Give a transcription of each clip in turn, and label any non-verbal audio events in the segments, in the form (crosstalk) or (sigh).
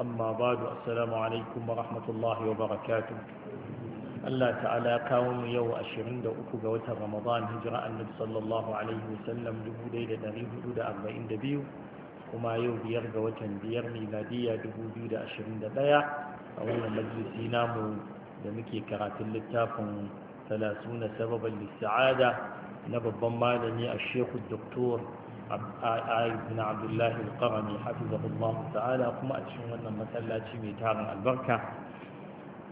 amma ba da assalamu alaikum wa rahmatullahi wa barakatu Allah ta'ala kawo mu yau 23 ga watan ramadan hijira annabi sallallahu alaihi wasallam 1442 kuma yau biyar ga watan biyar miladiya 2021 a wannan majalisi namu da muke karatun littafin 30 sababan lissa'ada na babban malami a shekul doktor ibn abdullahi al-qarami hafizahullah ta'ala kuma a cikin wannan masallaci mai tarin albarka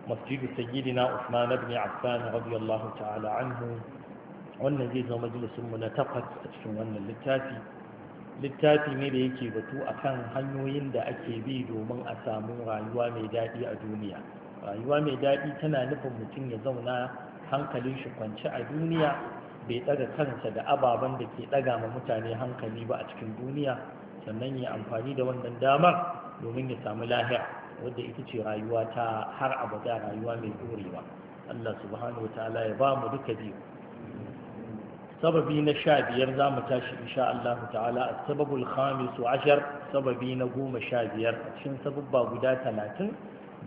masjidu sayyidina usman ibn affan radiyallahu ta'ala anhu wannan zai zama majalisun mu na takwas a cikin wannan littafi littafi ne da yake batu akan hanyoyin da ake bi domin a samu rayuwa mai daɗi a duniya rayuwa mai daɗi tana nufin mutum ya zauna hankalin shi kwance a duniya bai ɗaga kansa da ababen da ke ɗaga ma mutane hankali ba a cikin duniya sannan ya amfani da wannan damar domin ya samu lahiya. wadda ita ce rayuwa ta har abada rayuwa mai dorewa Allah subhanahu wa ya ba mu duka biyu sababi na sha biyar za mu tashi insha Allahu ta'ala a sababul khamisu ashar sababi na goma sha biyar cikin sababba guda talatin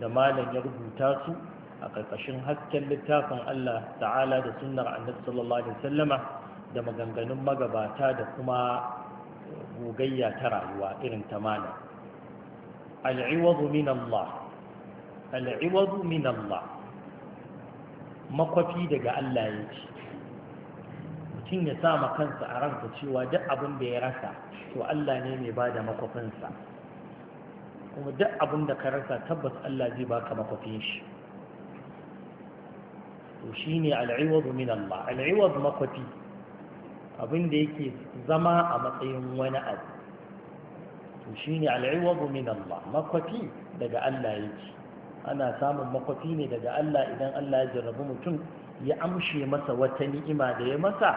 da malam ya rubuta su a ƙarƙashin hasken littafin Allah ta'ala da sunnar annabi sallallahu alaihi sallama da maganganun magabata da kuma gogayya ta rayuwa irin ta mana al'iwadu min Allah al'iwadu min Allah makwafi daga Allah ya ce mutum ya sama kansa a ranka cewa duk abin da ya rasa to Allah ne mai ba da makwafinsa kuma duk abin da ka rasa tabbas Allah zai baka makwafin shi to shine al'iwadu min Allah al'iwad makwafi abin da yake zama a matsayin wani abu to shine al'iwadu min Allah makwafi daga Allah yake ana samun makwafi ne daga Allah idan Allah ya jarrabi mutum ya amshe masa wata ni'ima da ya masa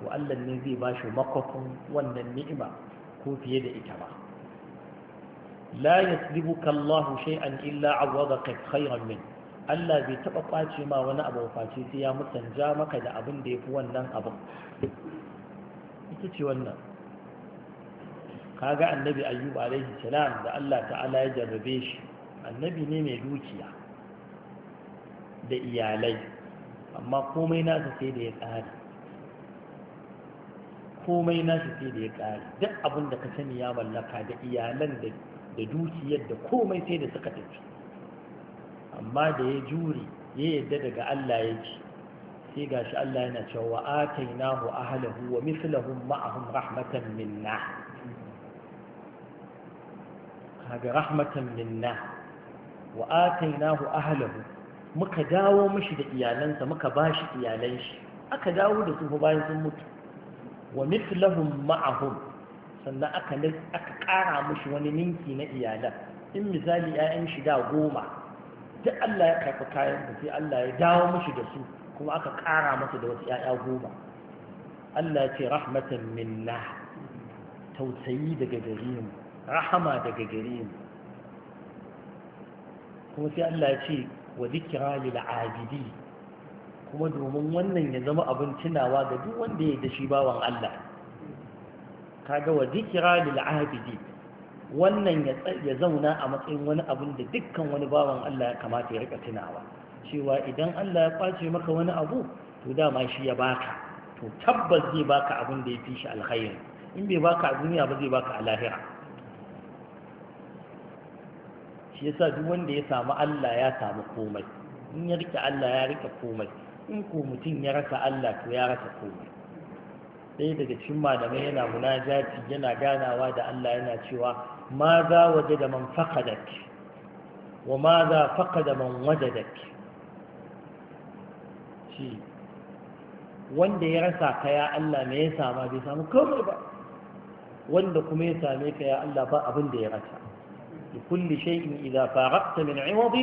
to Allah ne zai ba shi makwafin wannan ni'ima ko fiye da ita ba la yaslibuka Allah shay'an illa 'awwadaka khayran minhu Allah bai taɓa ƙwace ma wani abu face sai ya mutanja maka da abin da ya fi wannan abin ita ce wannan kaga annabi ayyub alaihi salam da Allah ta'ala ya jarrabe shi annabi ne mai dukiya da iyalai amma komai nasa sai da ya tsare. komai nasa sai da ya tsare. duk abin da ka sani ya mallaka da iyalan da dukiyar da komai sai da suka tafi amma da ya jure ya yadda daga Allah ya yake sai gashi Allah yana cewa wa atainahu ahlahu wa mithluhum ma'ahum rahmatan minna kaga rahmatan minna wa atainahu ahlahu muka dawo mishi da iyalansa muka bashi iyalan shi aka dawo da su bayan sun mutu wa mithluhum ma'ahum sannan aka aka kara mishi wani ninki na iyalan in misali 'ya'yan shi da goma duk Allah ya karfi kayan da sai Allah ya dawo mashi da su kuma aka ƙara masa da wasu ‘ya'ya goma Allah ya ce rahmatan minna tausayi daga gare mu rahama daga gare mu kuma sai Allah ya ce wa zikira lil abidi kuma domin wannan ya zama abin tunawa ga duk wanda ya da shi bawan Allah kaga wa zikira lil abidi wannan ya zauna a matsayin wani abin da dukkan wani bawan Allah ya kamata ya rika tunawa cewa idan Allah ya kwace maka wani abu to dama shi ya baka to tabbas zai baka abin da ya fi shi alkhairi in bai baka a duniya ba zai baka a lahira shi yasa duk wanda ya samu Allah ya samu komai in ya rike Allah ya rike komai in ko mutum ya rasa Allah to ya rasa komai Sai daga cikin malamai yana munajati yana ganawa da Allah yana cewa ماذا وجد من فقدك وماذا فقد من وجدك شيء wanda ya rasa ka ya Allah me ya sama bai samu komai ba wanda kuma ya same ka ya Allah ba abin da ya rasa li kulli shay'in idza faraqta min 'iwad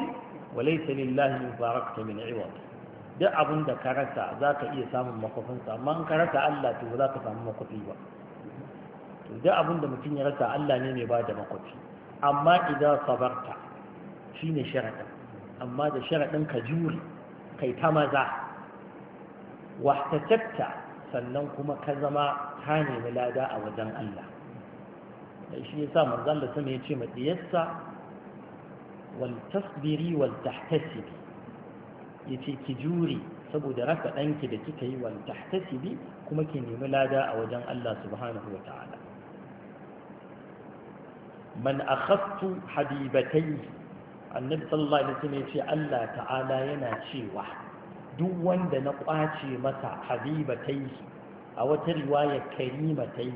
wa laysa lillahi in faraqta min 'iwad duk abin da ka rasa zaka iya samun makofin sa amma in ka rasa Allah to ba za ka samu makofi ba to duk abin da mutum ya rasa Allah ne mai ba da makwafi amma idan sabarta shine sharaɗin amma da sharaɗin ka jure kai ta maza wahtacatta sannan kuma ka zama ka nemi lada a wajen Allah shi yasa manzon Allah sama yace ma diyarsa wal tasbiri wal tahtasibi yace ki jure saboda raka ɗanki da kika yi wal tahtasibi kuma ki nemi lada a wajen Allah subhanahu wata'ala man akhadtu habibatai annabi sallallahu alaihi wasallam yace Allah ta'ala yana cewa duk wanda na kwace masa habibatai a wata riwaya karimatai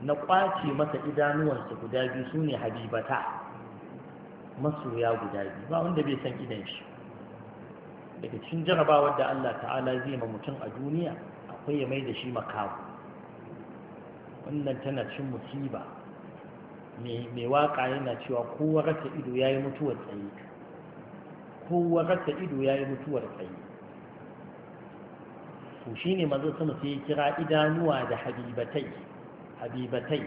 na kwace masa idanuwansa guda biyu sune habibata masoya guda biyu ba wanda bai san idan shi daga cikin jarabawar da Allah ta'ala zai ma mutum a duniya akwai ya mai da shi makamu wannan tana cin musiba mai waka yana cewa kowa rasa ido ya yi mutuwar tsaye kowa rasa ido ya yi mutuwar tsaye to shi ne manzo sama sai kira idanuwa da habibatai habibatai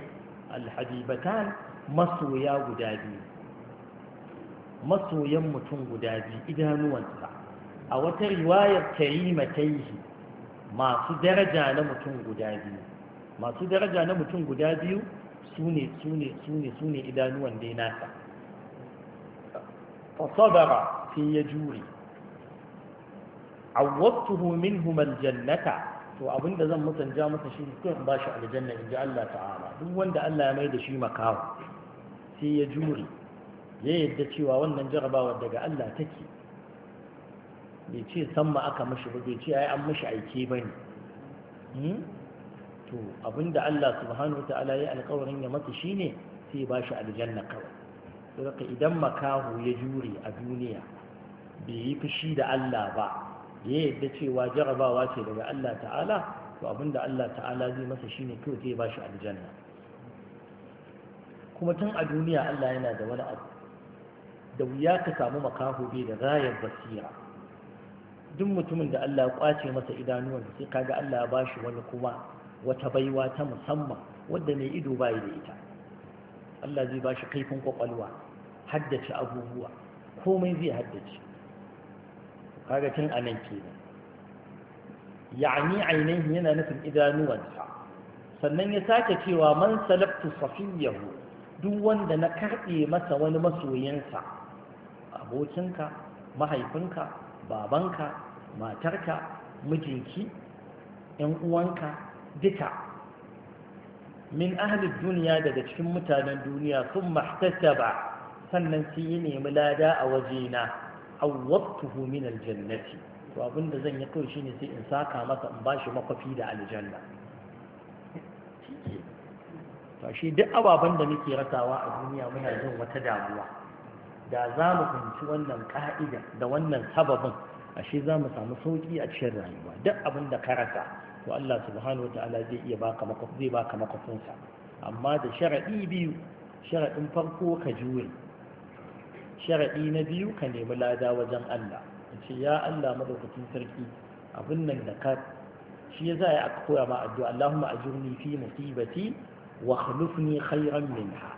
alhabibatan masoya guda biyu masoyan mutum guda biyu idanuwansa a wata riwayar yi masu daraja na mutum guda biyu masu daraja na mutum guda biyu su ne, su ne idanuwan dai nasa Fasadara sai ya jure awwatuhu minhum aljannata to abinda zan musanja masa shi ko in bashi aljanna inji Allah ta'ala duk wanda Allah ya mai da shi makawa sai ya jure ya yadda cewa wannan jarabawar daga Allah take bai ce san ma aka mashi ba bai ce ai an mashi aike bane hmm? to abinda Allah subhanahu ta'ala ya alƙawarin ya masa shine sai ba shi aljanna kawai saboda idan makahu ya jure a duniya bai yi fushi da Allah ba ya yadda cewa jarabawa ce daga Allah ta'ala to abinda Allah ta'ala zai masa shine kawai sai ba shi aljanna kuma tun a duniya Allah yana da wani abu da wuya ka samu makaho bai da rayar basira duk mutumin da Allah ya kwace masa idanuwan sai kaga Allah ya bashi wani kuma wata baiwa ta musamman wadda mai ido bai da ita Allah zai bashi kaifin kwakwalwa haddace abubuwa komai zai haddace kaga tun anan kenan ya'ni ainihi yana nufin idanuwansa sannan ya sake cewa man salabtu safiyahu duk wanda na karɓe masa wani masoyinsa abokinka mahaifinka babanka matarka mijinki ‘yan uwanka duka min ahalin duniya daga cikin mutanen duniya sun mahtasaba sannan sun yi nemi lada a wajena awwattuhu min aljannati to abinda zan yi kawai shine sai in saka masa in bashi makwafi da aljanna to shi duk ababen da muke rasawa a duniya muna jin wata damuwa da za mu fahimci wannan ka'ida da wannan sababin ashe za mu samu sauƙi a cikin rayuwa duk abin da ka rasa to Allah subhanahu wataala zai iya baka makwafi zai baka amma da sharaɗi biyu sharaɗin farko ka jure sharaɗi na biyu ka nemi lada wajen Allah ce ya Allah madaukakin sarki abin nan da ka shi ya zai aka koya ma addu'a Allahumma ajurni fi musibati wa khlufni khayran minha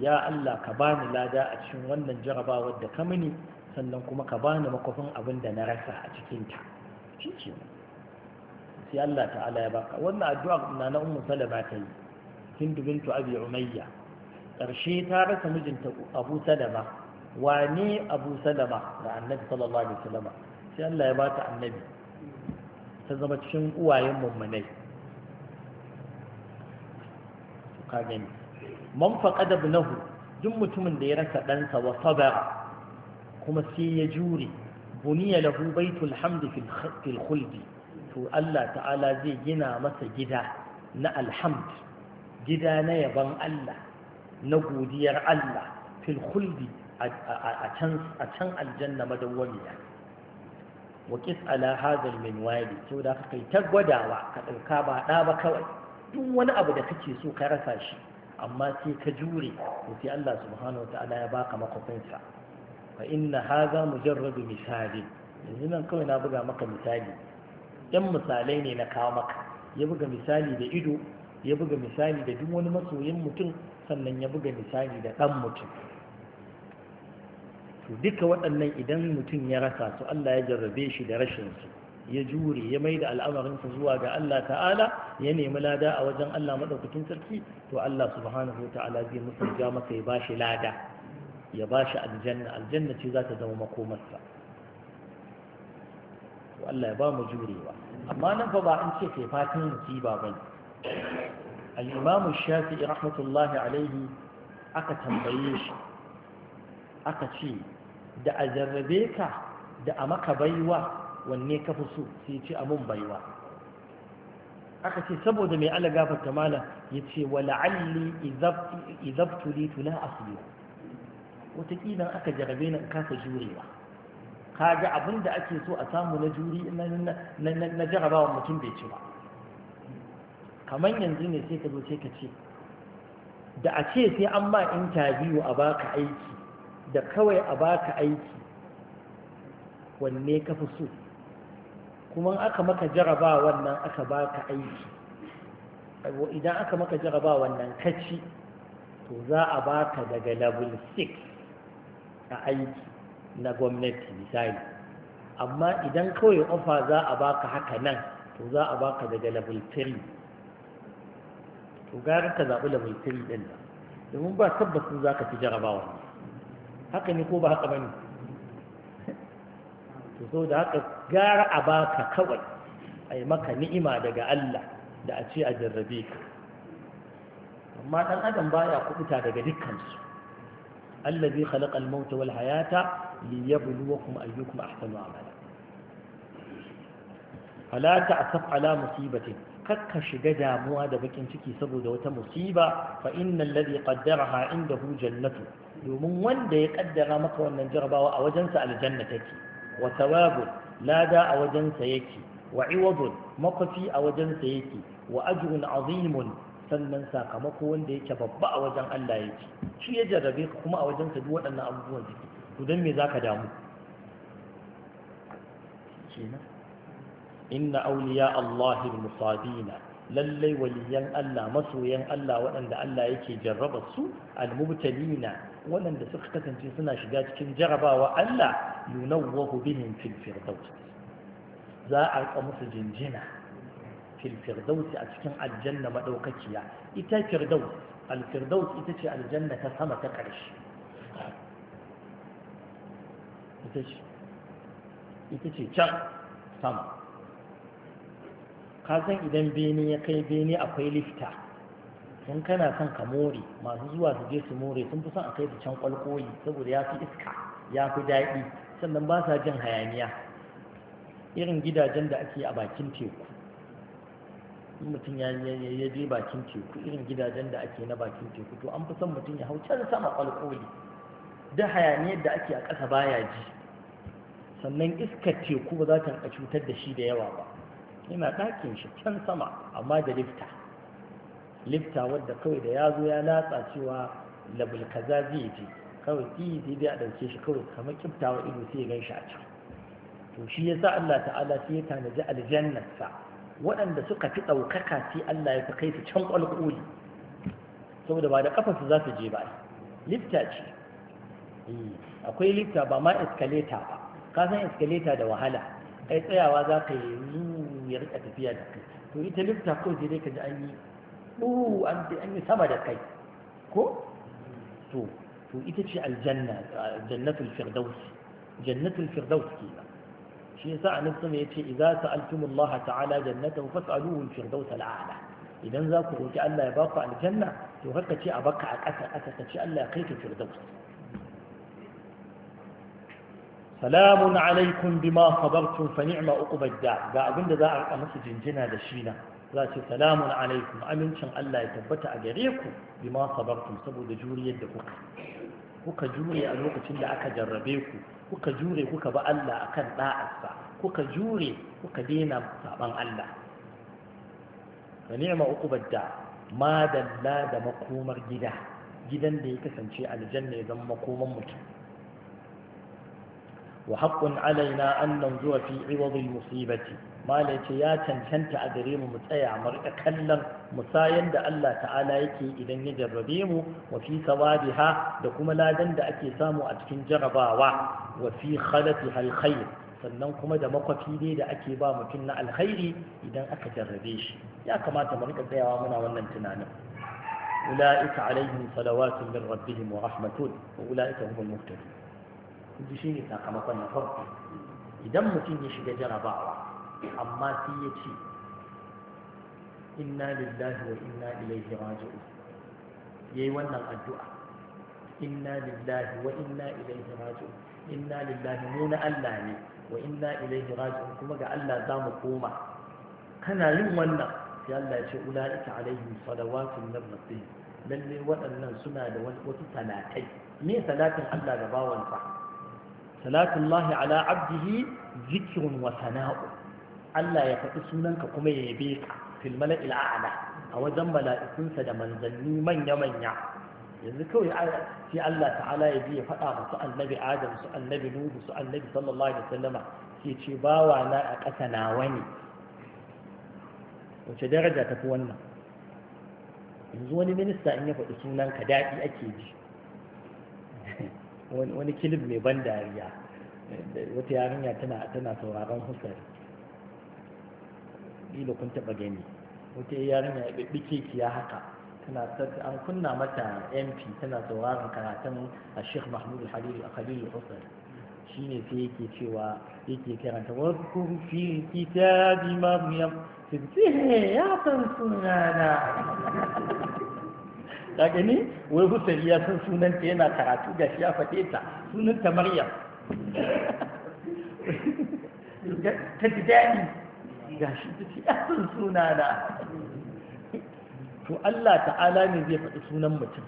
ya Allah ka bani lada a cikin wannan jarabawar da ka mini sannan kuma ka bani makofin abin da na rasa a cikin ta shi sai Allah ta'ala ya baka wannan addu'a na na ummu salama ta yi hindu bintu abi umayya karshe ta rasa mijinta abu salama wane abu salama da annabi sallallahu alaihi wasallam sai Allah ya bata annabi ta zama cikin uwayen mummunai ka gani man faqada ibnahu duk mutumin da ya rasa ɗansa wa sabara kuma sai ya jure buniya lahu baitul hamdi fil khuldi to Allah ta'ala zai gina masa gida na alhamd gida na yaban Allah na godiyar Allah fil khuldi a can aljanna madawwamiya wa qis ala hadha alminwali to da kai ta gwadawa ka dauka ba da ba kawai duk wani abu da kake so ka rasa shi amma sai ka jure to sai Allah subhanahu ya baka makwafinsa fa inna hadha mujarradu misali yanzu nan kawai na buga maka misali yan misalai ne na kawo maka ya buga misali da ido ya buga misali da duk wani masoyin mutum sannan ya buga misali da ɗan mutum to duka waɗannan idan mutum ya rasa su Allah ya jarrabe shi da rashin ya jure ya mai da al'amarinsa zuwa ga Allah ta'ala ya nemi lada a wajen Allah maɗaukacin sarki to Allah subhanahu wa ta'ala zai musulja masa ya bashi lada ya bashi aljanna aljanna ce za ta zama makomarsa to Allah ya ba mu jurewa amma nan fa ba an ce kai fatan musiba ba al-imam shafi'i rahmatullahi alaihi aka tambaye shi aka ce da a jarrabe ka da a maka baiwa wanne ka fi so sai ce a mun baiwa aka ce saboda mai ala gafarta malam ya ce wa la'alli izabtu li tula asbiru wataƙila aka jarabe na kasa jurewa kaga abin da ake so a samu na juri na jarabawa mutum bai ci ba kamar yanzu ne sai ka zo sai ka ce da a ce sai an ma intabiyu a baka aiki da kawai a baka aiki wanne ka fi so kuma aka maka jaraba wannan aka baka aiki idan aka maka jaraba wannan kaci to za a baka daga level 6 a aiki na gwamnati misali amma idan kawai ofa za a baka haka nan to za a baka daga level 3 to gara ka zaɓi level 3 ɗin domin ba tabbasin za ka fi jarabawa haka ne ko ba haka bane to so da haka gara a baka kawai a yi maka ni'ima daga Allah da a ce a jarrabe ka amma ɗan adam baya kubuta daga dukkansu الذي خلق الموت والحياة ليبلوكم أيكم أحسن عملا فلا تعسف على مصيبة kakka shiga damuwa da bakin ciki saboda wata musiba fa innal ladhi qaddaraha indahu jannatu domin wanda ya kaddara maka wannan jarabawa a wajensa aljanna take wa thawabu lada a wajensa yake wa iwadun makwafi a wajensa yake wa ajrun azimun sannan sakamako wanda yake babba a wajen Allah yake shi ya jarrabe ka kuma a wajen ka duk waɗannan abubuwan suke to dan me zaka damu kenan inna awliya Allah al-musabina lallai waliyan Allah masoyan Allah waɗanda Allah yake jarraba su al-mubtalina waɗanda suka kasance suna shiga cikin jarabawa Allah yunawwahu bihim fil firdaus za a rika musu jinjina fil a cikin aljanna madaukakiya ita firdaus al ita ce aljanna ta sama ta karshe ita ce can sama ka san idan bene ya kai bene akwai lifta in kana son ka more masu zuwa su je su more sun fi son a kai su can kwalkoyi saboda ya fi iska ya fi daɗi sannan ba sa jin hayaniya irin gidajen da ake a bakin teku mutum ya ya je bakin teku irin gidajen da ake na bakin teku to an fi son mutum ya hau can sama alkoli da hayaniyar da ake a ƙasa baya ji sannan iskar teku ba za ta cutar da shi da yawa ba yana ɗakin shi can sama amma da lifta lifta wadda kawai da ya zo ya latsa cewa labul kaza zai je kawai ɗi sai dai a ɗauke shi kawai kamar kiftawa ido sai ya gan shi a can to shi yasa Allah ta'ala sai ya tanaji aljannarsa waɗanda suka fi ɗaukaka sai Allah ya fi kai su can ƙwalƙoli saboda ba da ƙafarsu za su je ba lifta ce eh, akwai lifta ba ma escalator ba ka san escalator da wahala Ai tsayawa za ka yi ya rika tafiya da kai to ita lifta ko sai dai ka ji an yi ɗuhu an yi sama da kai ko to to ita ce aljanna jannatul firdaus jannatul firdaus kenan shi yasa a nufin ya ce idza sa'altumullaha ta'ala jannatahu fas'aluhu al-firdaus al-a'la idan za ku roki Allah ya baku aljanna to ka ce a baka a ƙasa ƙasa ka ce Allah ya kai ka firdaus salamun alaikum bima sabartum fa ni'ma uqbad da ga abinda za a masa jinjina da shi na za ce salamun alaikum amincin Allah ya tabbata a gare ku bima sabartum saboda juriyar da kuka kuka jure a lokacin da aka jarrabe ku kuka jure kuka ba Allah a kan ɗa'asta, kuka jure kuka dena saɓan Allah da ni'ma uku da ma da makomar gida gidan da ya kasance aljanna ya zama makoman mutum وحق علينا أن ننظر في عوض المصيبة ما ليتي يا تنشنت أدريم متأيع مرئة كلم مساين دا الله تعالى يكي إذن يجربيم وفي ثوابها دكما لا دند أكي سامو أتكن جرباوا وفي خلتها الخير sannan kuma da makwafi dai da ake ba mutum na alkhairi idan aka jarrabe shi ya kamata mu rika tsayawa muna wannan tunanin ulaika alaihim salawatu min rabbihim wa rahmatun wa ulaika humul muhtadun ji shi ne sakamakon na farko idan mutum ya shiga jarabawa amma sai ya ce inna lillahi wa inna ilaihi ya yi wannan addu'a inna lillahi wa inna ilaihi raji'un inna lillahi mu na Allah ne wa inna ilaihi raji'un kuma ga Allah za mu koma kana yin wannan sai Allah ya ce ulaika alaihim salawatun min rabbihim lalle waɗannan suna da wani wata talatai me talatin Allah da bawansa salatullahi ala abdihi zikrun wa sana'u Allah ya faɗi sunanka kuma ya yabe ka fil mala'il a'la a wajen mala'ikunsa da manzanni manya manya yanzu kawai sai Allah ta'ala ya biya faɗa masu annabi Adam su annabi Nuhu su annabi sallallahu alaihi wasallama Ke ce bawa na a ƙasa nawa ne wace daraja tafi wannan yanzu wani minista in ya faɗi sunanka daɗi ake ji wani kilif mai ban dariya wata yarinya tana tana sauraron hussari ila kun taba gani wata yarinya ya bibbike kiya haka tana an kunna mata MP tana sauraron karatun a Sheikh Mahmud Al-Halil Al-Khalil Al-Husari shine sai yake cewa yake karanta wasu fi kitabi maryam sai eh, ya san sunana ka gani wai Hussein ya san sunanta yana karatu ga shi ya faɗe ta sunanta Maryam ta ji daɗi ga shi ta ce ya suna na to Allah ta'ala ne zai faɗi sunan mutum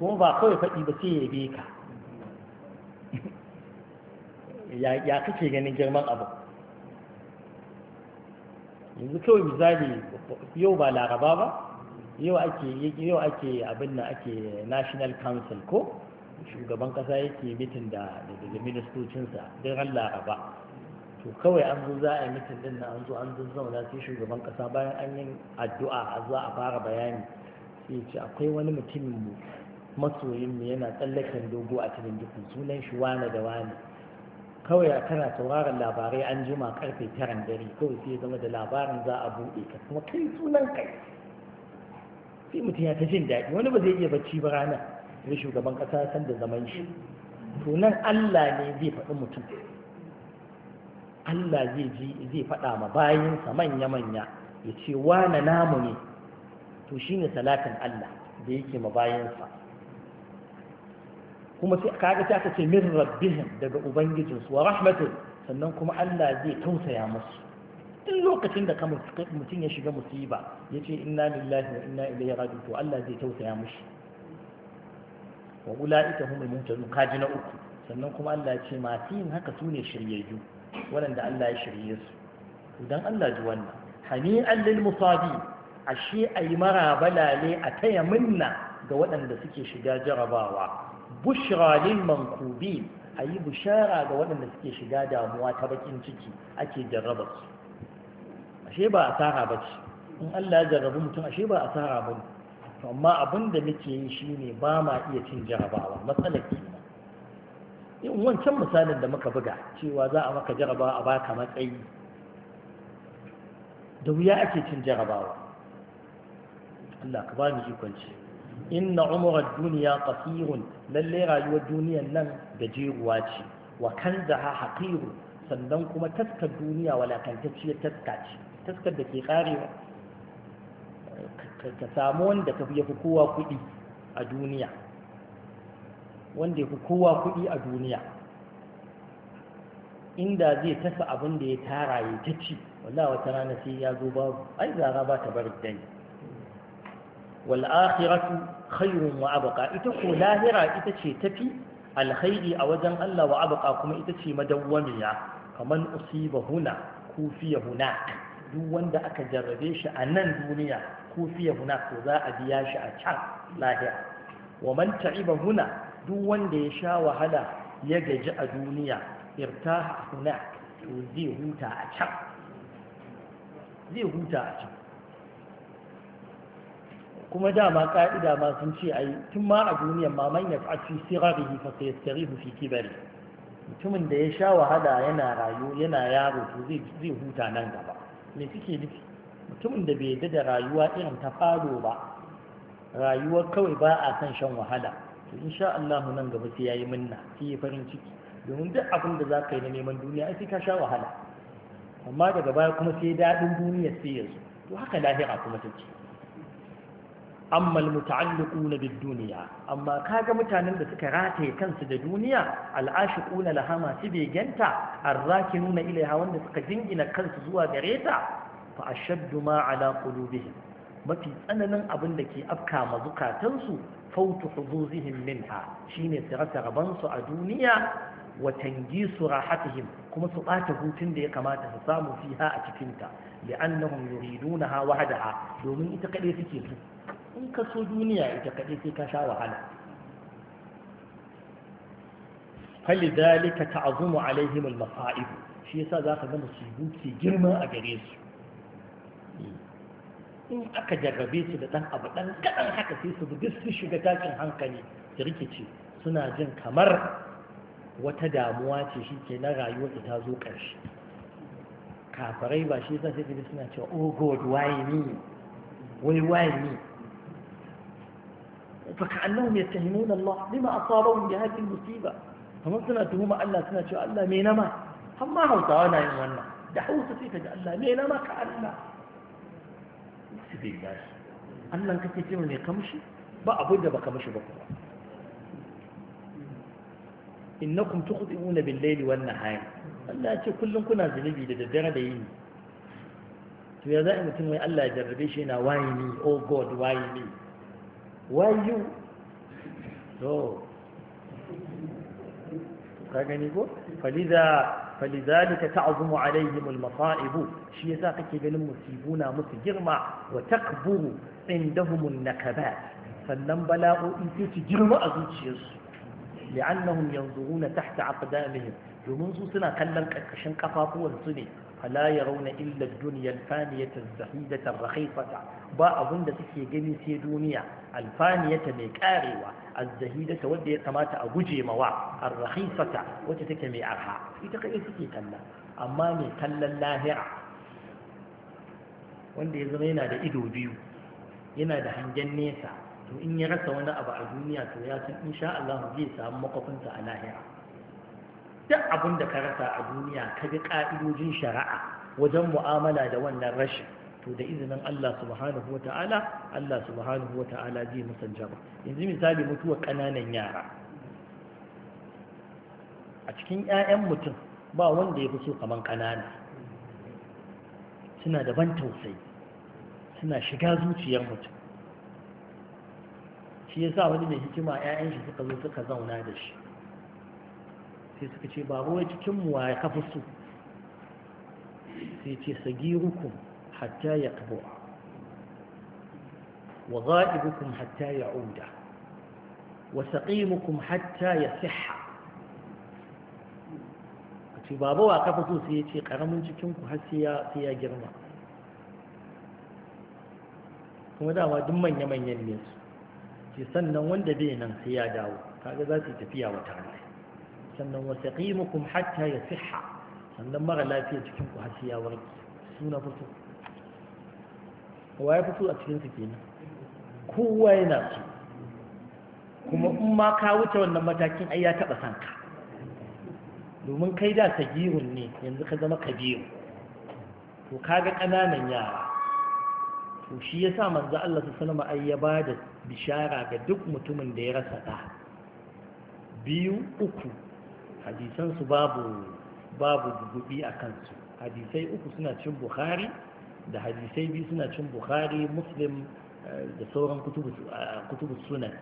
kuma ba kawai faɗi ba sai ya yabe ka ya kake ganin girman abu yanzu kawai misali yau ba laraba ba yau ake yau ake abin da ake national council ko shugaban kasa yake mitin da da ministocinsa don ran laraba to kawai an zo za a yi mitin din na an zo an zo zauna sai shugaban kasa bayan an yi addu'a a za a fara bayani sai ce akwai wani mutumin mu masoyin mu yana tsallaken dogo a cikin jikin sunan shi wane da wane kawai kana sauraron labarai an jima karfe taran dare kawai sai zama da labarin za a buɗe ka kuma kai sunan kai sai mutum ya ta jin daɗi wani ba zai iya bacci ba rana da shugaban ƙasa san da zaman shi to nan Allah ne zai faɗi mutum Allah zai ji zai faɗa ma bayansa manya-manya ya ce wane namu ne to shine salatin Allah da yake ma bayansa kuma sai kaga ta ce min rabbihim daga ubangijinsu wa rahmatu sannan kuma Allah zai tausaya musu duk lokacin da mutum ya shiga musiba ya ce inna lillahi wa inna ilaihi raji'un to Allah zai tausaya mushi wa ula'ika humul muhtadun kaji na uku sannan kuma Allah ya ce masu yin haka su ne shiryayyu waɗanda Allah ya shirye su idan Allah ji wannan hani'an lil musabi ashe ayi marabalale a taya minna ga waɗanda suke shiga jarabawa bushra lil mankubi ayi bushara ga waɗanda suke shiga damuwa ta bakin ciki ake jarraba su ashe ba asara ba ce in Allah ya jarrabu mutum ashe ba asara ba ne to amma abin da muke yi shine ba ma iya cin jarabawa matsalar ke. in wancan misalin da muka buga cewa za a maka jarabawa a baka matsayi da wuya ake cin jarabawa Allah ka bani ikon ce inna umurar duniya qasirun lalle rayuwar duniyan nan gajeruwa ce wa kanzaha haqiru sannan kuma taskar duniya walakantacciyar taska ce taskar da ke karewa ka samu wanda ka fi kowa kuɗi a duniya wanda ya fi kowa kuɗi a duniya inda zai tasa abin da ya tara ya ta ci wata rana sai ya zo ba, ai zara ba ta bari dai wal akhiratu wa abqa ita ko lahira ita ce tafi alkhairi a wajen Allah wa abqa kuma ita ce madawwamiya kaman usiba huna kufiya hunaka duk wanda aka jarrabe shi a nan duniya ko fiye huna ko za a biya shi a can lahiya wa man ta'iba huna duk wanda ya sha wahala ya gaji a duniya irtaha huna to zai huta a can zai huta a can kuma dama ka'ida ma sun ce ai tun ma a duniyan ma man yaf'al fi sirrihi fa sayastarihu fi kibari mutumin da ya sha wahala yana rayu yana yaro to zai huta nan gaba me suke nufi mutumin da bai yadda da rayuwa irin ta faro ba rayuwar kawai ba a san shan wahala to insha Allah nan gaba sai yayi minna sai ya farin ciki domin duk abin da zaka yi na neman duniya ai sai ka sha wahala amma daga baya kuma sai daɗin duniya sai yanzu to haka lahira kuma take amma almuta'alliquna bid-dunya amma kaga mutanen da suka rataye kansu da duniya al'ashiquna laha masu begenta arrakinuna ilaiha wanda suka jingina kansu zuwa gare ta fa ashaddu ma ala qulubihim mafi tsananin abin da ke afka ma zukatansu fautu huzuzihim minha shine su rasa su a duniya wa tangisu rahatihim kuma su ɓata hutun da ya kamata su samu fiha a cikinta li'annahum yuridunaha wahdaha domin ita kaɗai suke so in ka so duniya ita kaɗai sai ka sha wahala fali ta ta'azumu alaihim al shi yasa zaka gama musibu ke girma a gare su in aka jarrabe su da ɗan abu ɗan kaɗan haka sai su duk su shiga takin hankali su rikice suna jin kamar wata damuwa ce shi ke na rayuwar ta zo ƙarshe kafarai ba shi yasa sai suna cewa oh god why me wai why me فكأنهم يتهمون الله لما أصابهم بهذه المصيبة فما سنة تهم ألا سنة شو ألا مينما هم ما هو توانا يوانا دحوس فيك ألا مينما كألا سبيل الله ألا كنت تيما ميقمشي بأبدا بقمشي بقرة إنكم تخطئون بالليل والنهار Allah ce kullum kuna zunubi da daddare da yini to ya za'i mutum mai Allah ya jarrabe shi yana why me oh god why me wayu to ka gani ko falizalika ta'zumu alaihim almasa'ib shi yasa kake ganin musibuna musu girma wa takburu indahum annakabat sannan bala'o'i su ci girma a zuciyarsu li'annahum yanzuruna tahta aqdamihim domin su suna kallon karkashin kafafuwan su ne فلا يرون إلا الدنيا الفانية الزهيدة الرخيصة با أبن تكي جني سي دنيا الفانية ميكاريوة الزهيدة ودي كمات أبوجي موا الرخيصة وتتكي ميأرها يتقي تكي كلا أما ميكلا اللاهرة wanda ya zama yana da ido biyu yana da hangen nesa to in ya rasa wani abu a duniya to ya san insha Allah zai samu makwafinsa a lahira duk abin da ka rasa a duniya ka bi ƙa'idojin shari'a wajen mu'amala da wannan rashin to da izinin Allah subhanahu wata'ala Allah subhanahu wata'ala zai musanja ba yanzu misali mutuwa ƙananan yara a cikin 'ya'yan mutum ba wanda ya fi so kaman ƙanana suna da ban tausayi suna shiga zuciyar mutum shi yasa wani mai hikima 'ya'yan shi suka zo suka zauna da shi sai suka ce babu wai cikin mu wa ya kafa su sai ce sagirukum hatta ya kabo wa za'ibukum hatta ya uda wa saqimukum hatta ya siha ce babu wa kafa su sai ya ce ƙaramin cikinku har sai ya girma kuma dama duk manya-manyan ne su sannan wanda bai nan sai ya dawo kaga za su yi tafiya wata rana sannan wata ƙimukum hatta ya siha sannan mara lafiya cikin ku har ya warki. suna fito wa ya fito a cikin su kenan kowa yana su kuma in ma ka wuce wannan matakin ai ya taɓa sanka domin kai da sagihun ne yanzu ka zama kabiru to kaga ƙananan yara to shi ya sa manzo Allah su sanama ai ya ba da bishara ga duk mutumin da ya rasa ɗa biyu uku hadisansu babu babu dubi a kansu hadisai uku suna cin bukhari da hadisai biyu suna cin bukhari muslim eh, da sauran eh, kutubu sunan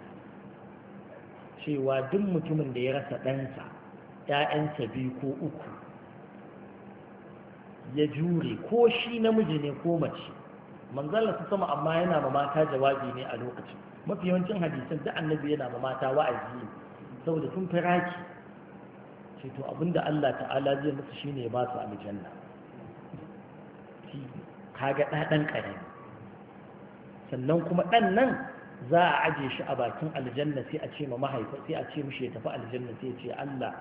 cewa duk mutumin da ya rasa ɗansa ‘ya'yansa biyu ko uku ya jure ko shi namiji ne ko mace manzala su sama amma yana ma mata jawabi ne a lokacin mafi yawancin hadisan da annabi yana ma mata wa'azi saboda sun fi ce to abinda Allah ta'ala zai musu shine ya ba su aljanna kaga ɗaɗan ƙarami sannan kuma ɗannan nan za a aje shi a bakin aljanna sai a ce ma mahaifa sai a ce mishi ya tafi aljanna sai ya ce Allah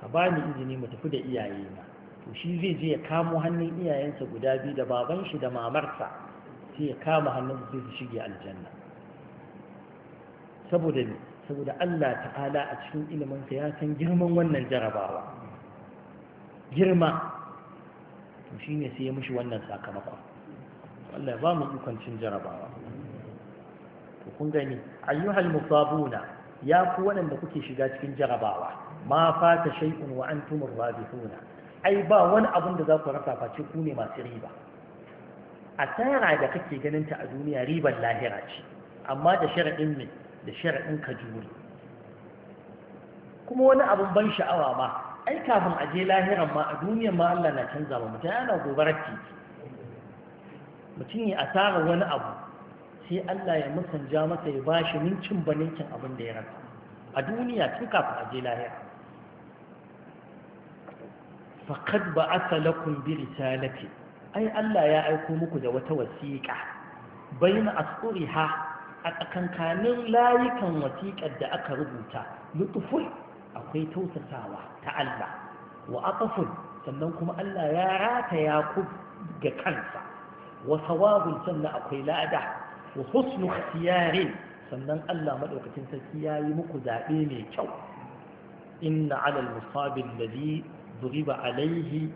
ka ba ni izini mu tafi da iyayena to shi zai je ya kamo hannun iyayensa guda biyu da baban shi da mamarsa sai ya kama hannun sai su shige aljanna saboda ne saboda Allah ta'ala a cikin iliminsa ya san girman wannan jarabawa girma to shi ne sai ya mushi wannan sakamakon Allah ba mu cin jarabawa to kun gani ayyuhal musabuna ya ku waɗanda kuke shiga cikin jarabawa ma fata shay'un wa antum rabihuna ai ba wani abin da za ku rasa face ku ne masu riba asara da kake ganin ta a duniya ribar lahira ce amma da sharaɗin ne da shari'in ka jure kuma wani abin ban sha'awa ba ai kafin a je lahiran ma a duniyar ma Allah na canza ba mutum yana gobarar titi mutum ya asara wani abu sai Allah ya ja masa ya ba shi mincin baninkin abin da ya rasa a duniya tun kafin a je lahira faqad ba'atha lakum bi risalati ai Allah ya aiko muku da wata wasiqa bayna asuriha a tsakankanin layukan wasiƙar da aka rubuta lutuful akwai tausasawa ta Allah wa aqaful sannan kuma Allah ya rata Yakub ga kansa wa sawabun sannan akwai lada wa husnu ikhtiyarin sannan Allah madaukakin sarki yayi muku zabe mai kyau inna ala al-musabi alladhi duriba alayhi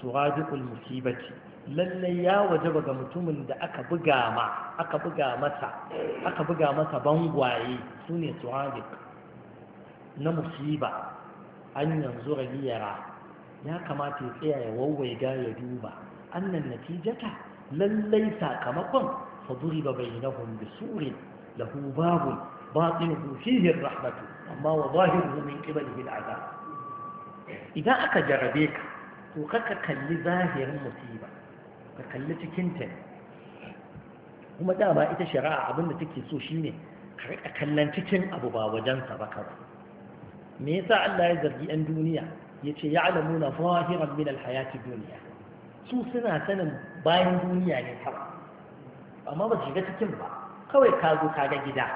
suradiqul musibati lallai ya waje ga mutumin da aka buga ma aka buga masa aka buga masa bangwaye su ne tuhadik na musiba an yanzu ragiyara ya kamata ya tsaya ya ga ya duba annan natijata lallai sakamakon faduri ba bai na hundu surin lahu babu batinuhu hushihin rahmatu amma wa zahiruhu min qibalihi al'azab idan aka jarabe ka to kaka kalli zahirin musiba ka kalli cikinta kuma dama ita shari'a abin da take so shine ka rika kallon cikin abu ba wajensa ba kawai me yasa Allah ya zargi 'yan duniya ya ce na zahiran min alhayati duniya su suna sanin bayan duniya ne kawai amma ba shiga cikin ba kawai ka zo ka ga gida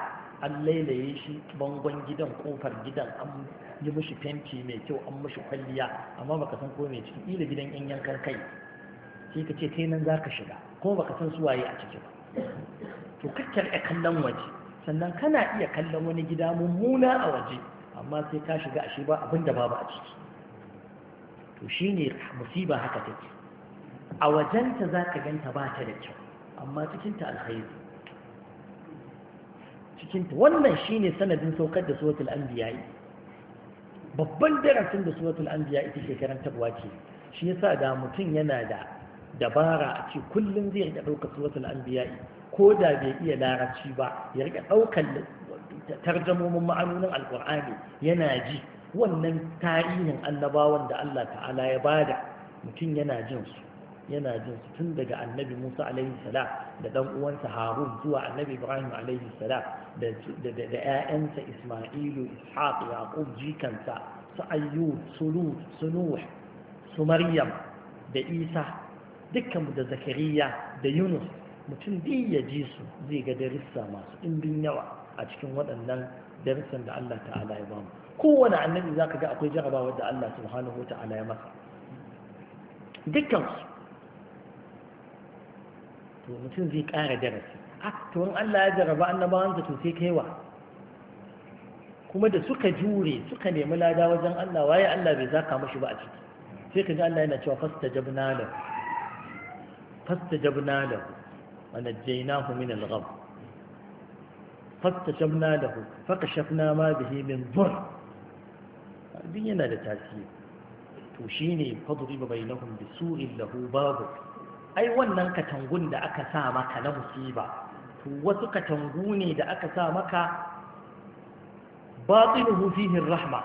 an lailaye shi bangon gidan kofar gidan an yi mishi fenti mai kyau an mishi kwalliya amma baka san ko mai ciki ila gidan yan yankan kai sai ka ce kai nan za ka shiga ko ba ka san suwaye a ciki ba to kakkar ya kallon waje sannan kana iya kallon wani gida mummuna a waje amma sai ka shiga a shi ba abin da babu a ciki to shine musiba haka take a wajenta za ka ganta ba ta da kyau amma cikinta alkhairi cikinta wannan shine sanadin saukar da biya yi. babban darasin da an biya ita ke karantarwa ce shi yasa da mutum yana da dabara a ce kullum zai rika ɗaukar suratul anbiya'i ko da bai iya larabci ba ya rika ɗaukar tarjamomin ma'anonin alƙur'ani yana ji wannan tarihin annabawan da Allah ta'ala ya bada mutum yana jin su yana jin su tun daga annabi Musa alaihi salam da dan uwansa Harun zuwa annabi Ibrahim alaihi salam da da ƴaƴansa Isma'ilu Ishaq Yaqub jikansa su Ayyub su Lut su Nuh su Maryam da Isa dukkanmu da zakariya da yunus mutum biyu ya ji su zai ga darussa masu ɗimbin yawa a cikin waɗannan darussan da Allah ta'ala ya bamu kowane annabi za ka ga akwai jarabawa da Allah subhanahu wa ta'ala ya masa dukkansu to mutum zai ƙara darasi a to in Allah ya jaraba annabawansa to sai kaiwa kuma da suka jure suka nemi lada wajen Allah waye Allah bai zaka mashi ba a ciki sai ka ga Allah yana cewa fastajabna lahu فاستجبنا له ونجيناه من الغم فاستجبنا له فكشفنا ما به من ضر بينا لتأثير توشيني فضرب بينهم بسوء له باب أي wannan katangun da aka sa maka na musiba to wasu katangu ne da aka sa maka batinuhu fihi rahma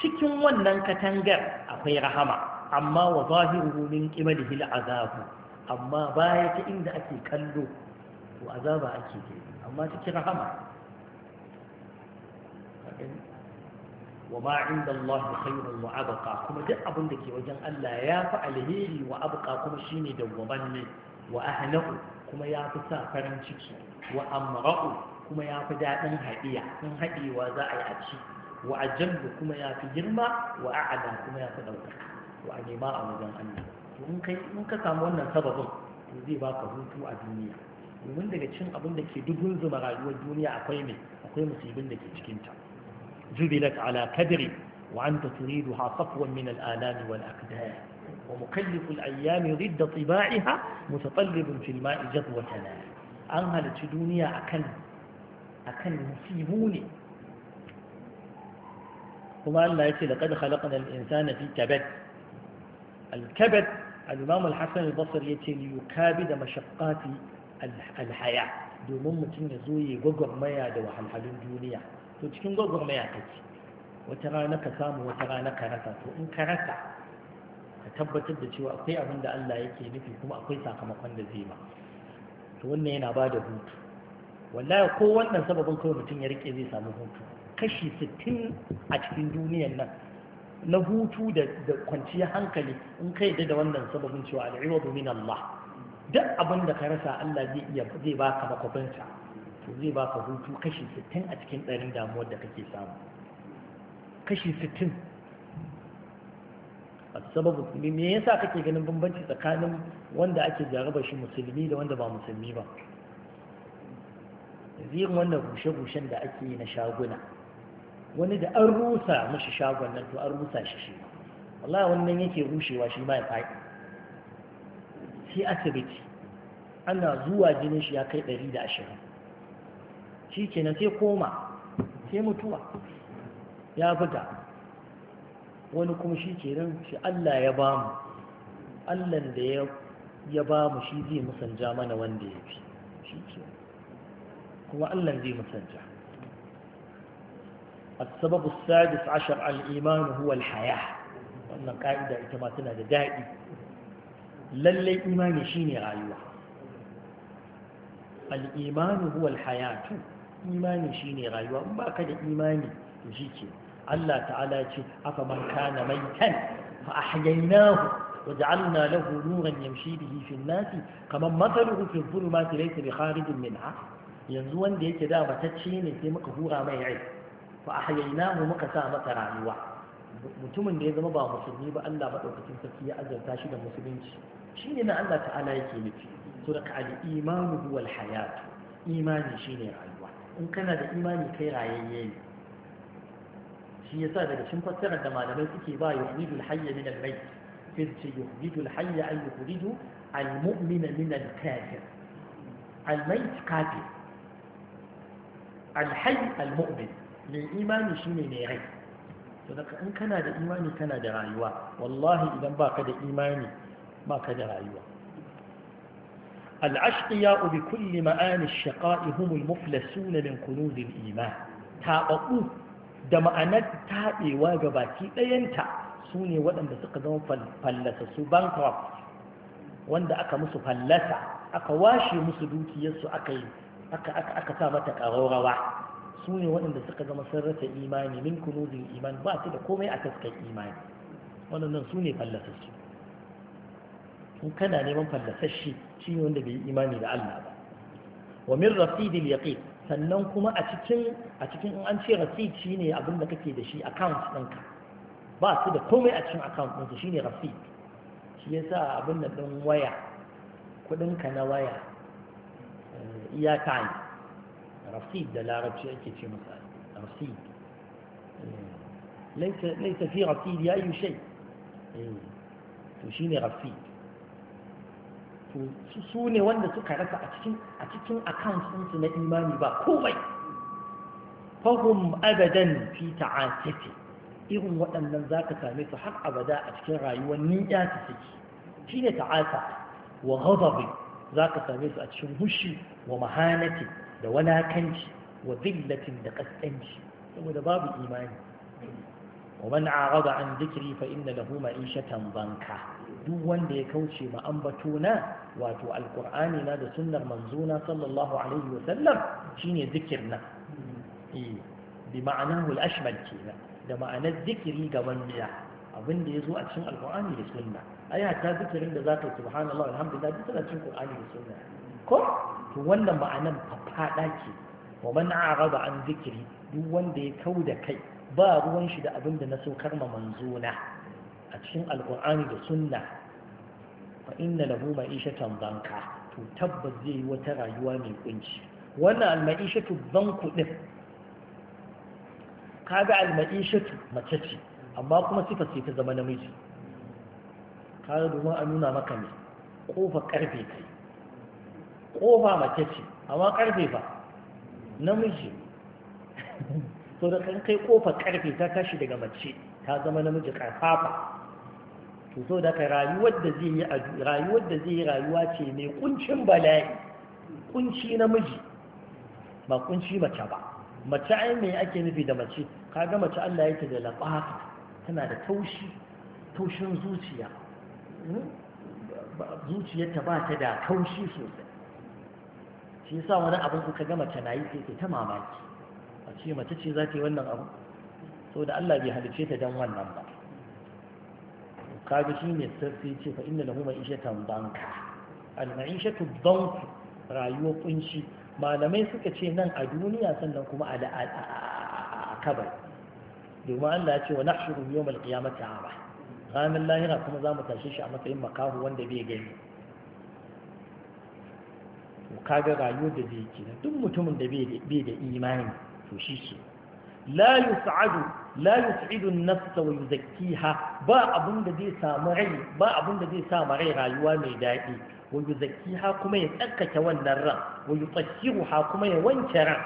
cikin wannan katangar akwai rahama amma wa zahiruhu min qibalihi al'azabu amma baya ta inda ake kallo to azaba ake ke amma cikin rahama wa ma inda Allah khairun wa abqa kuma duk abin da ke wajen Allah ya fi alheri wa abqa kuma shine dawwamanne wa ahnaqu kuma ya fi sa farin ciki wa amra'u kuma ya fi daɗin haɗiya in haɗewa za a yi a ci wa ajallu kuma ya fi girma wa kuma ya fi ɗaukaka wa a nema a wajen Allah in ka samu wannan sababin to zai baka hutu a duniya domin daga cin abin da ke dubun zuma rayuwar duniya akwai ne akwai musibin da ke cikinta jubilat ala kadri wa anta turiduha safwan min al-alami wal aqdar wa mukallif al-ayyami ridda tiba'iha mutatallibun fil ma'i jadwatana an halarci duniya akan akan musibu ne kuma Allah ya ce laqad khalaqna al-insana fi kabad al-kabad al-imam al ya ce basri yace li da mashaqqati alhaya domin mutum ya zo ya gwagwarmaya da wahalhalun duniya to cikin gwagwarmaya kake wata rana ka samu wata rana ka rasa to in ka rasa ka tabbatar da cewa akwai abin da Allah yake nufi kuma akwai sakamakon da zai ba to wannan yana ba da hutu wallahi ko wannan sababin kawai mutum ya rike zai samu hutu kashi 60 a cikin duniyar nan na hutu da kwanciyar hankali in kai yadda da wannan sababin cewa al'iwadu min Allah duk abin da ka rasa Allah zai iya zai makwabinsa to zai baka hutu kashi 60 a cikin ɗarin damuwar da kake samu kashi 60 a sababu me yasa kake ganin bambanci tsakanin wanda ake jaraba shi musulmi da wanda ba musulmi ba yanzu wannan rushe-rushen da ake yi na shaguna wani da an rusa mashi shagon nan to an rusa shi shi wallahi wannan yake rushewa shi ba ya faɗi sai asibiti ana zuwa jinin shi ya kai ɗari da ashirin shi kenan sai koma sai mutuwa ya buga. wani kuma shi kenan shi Allah ya ba mu Allah da ya ya ba mu shi zai musanja mana wanda ya fi shi kenan kuma Allah zai musanja السبب السادس عشر الإيمان هو الحياة wannan ka'ida ita ma da daɗi lallai imani shine rayuwa al'imanu huwa alhayatu imani shine rayuwa in baka da imani to shike Allah ta'ala ce afa maitan fa ahyaynahu وجعلنا له نورا يمشي به في الناس كما مثله في الظلمات ليس بخارج منها yanzu wanda yake da matacce ne sai muka hura mai rai fa ahyaynahu muka sa mata rayuwa mutumin da ya zama ba musulmi ba Allah madaukakin sarki ya azurta shi da musulunci shine na Allah ta'ala yake nufi to da al-imanu wal hayat imani shine rayuwa in kana da imani kai rayayye ne shi yasa daga cikin fassarar da malamai suke ba yuhidul hayya min al-mayt sai ce yuhidul hayya ay yuhridu al-mu'mina min al-kafir al-mayt kafir al-hayy al-mu'min da imani shi ne ne rai to daga in kana da imani kana da rayuwa wallahi idan baka da imani baka da rayuwa al'ashqiya bi kulli ma'ani ash-shaqa'i hum al-muflasuna iman taqabu da ma'anar taɓewa ga baki ɗayanta su ne waɗanda suka zama fallasa su bankrupt wanda aka musu fallasa aka washe musu dukiyarsu aka aka sa mata ƙararrawa su ne waɗanda suka zama sun rasa imani min kunuzin imani ba su da komai a taskar imani waɗannan su ne fallasassu in kana neman fallasashi shi wanda bai yi imani da Allah ba wa min rasidil yaqin sannan kuma a cikin a cikin in an ce rasid shine abin da kake da shi account ɗinka ba su da komai a cikin account ɗinsu shine rasid shi yasa abin da ɗin waya kuɗinka na waya eh, iya time rasid da larabci ake ce masa rasid laisa fi rasid ya yi shai to shi ne su ne wanda suka rasa a cikin akansunsu na imani ba komai fahim abadan fi ta'atafi irin waɗannan za ka same su har abada a cikin rayuwar niyya ta suke shi ne ta'ata wa ghadabi za ka same su a cikin hushi wa mahanati da walakanci wa zillatin da kaskanci saboda babu imani wa man a'rada an dhikri fa inna lahu ma'ishatan banka duk wanda ya kauce ma ambatona wato alqur'ani na da sunnar manzuna sallallahu alaihi wa sallam shine zikirna eh bi ma'anahu al-ashmal kenan da ma'anar zikiri ga wanda abin da ya zo a cikin alkur'ani da sunna ai hatta zikirin da zaka subhanallah alhamdulillah duk tana cikin qur'ani da sunna ko to wannan ma'anan faɗa ce wa man araba an zikiri duk wanda ya kau da kai ba ruwan shi da abin da na saukar ma manzona a cikin alkur'ani da sunna fa inna lahu ma'ishatan banka to tabbas zai yi wata rayuwa mai kunci wannan al-ma'ishatu banku din kaga al-ma'ishatu mace ce amma kuma sifa ce ta zama namiji kaga domin a nuna maka ne kofa karfe kai ƙofa mace ce amma ƙarfe ba namiji so da kan kai kofa ƙarfe ta tashi daga mace ta zama namiji ƙarfafa to so da kai rayuwar da zai yi rayuwar da zai yi rayuwa ce mai kuncin bala'i kunci namiji ba kunci mace ba mace ai me ake nufi da mace kaga mace Allah yake da labafa tana da taushi taushin zuciya hmm? zuciyarta ba ta da taushi sosai shi yasa wani abin in ka gama mace na yi sai ta mamaki a ce mace ce za ta yi wannan abu da Allah bai halice ta dan wannan ba kaga shi ne sarfi ce fa inna lahu ma'ishatan banka al-ma'ishatu bank rayuwar kunshi malamai suka ce nan a duniya sannan kuma a kabar domin Allah ya ce wa nahshuru yawmal qiyamati ba. ranar lahira kuma za mu tashe shi a matsayin makahu wanda bai gani kaga rayuwar da zai ke duk mutumin da bai da imani to shi ke la yus'adu la yus'idu an-nafsa wa yuzakkiha ba abun da zai samu rai ba abin da zai samu rai rayuwa mai daɗi wa yuzakkiha kuma ya tsarkake wannan ran wa yutahhiruha kuma ya wanke ran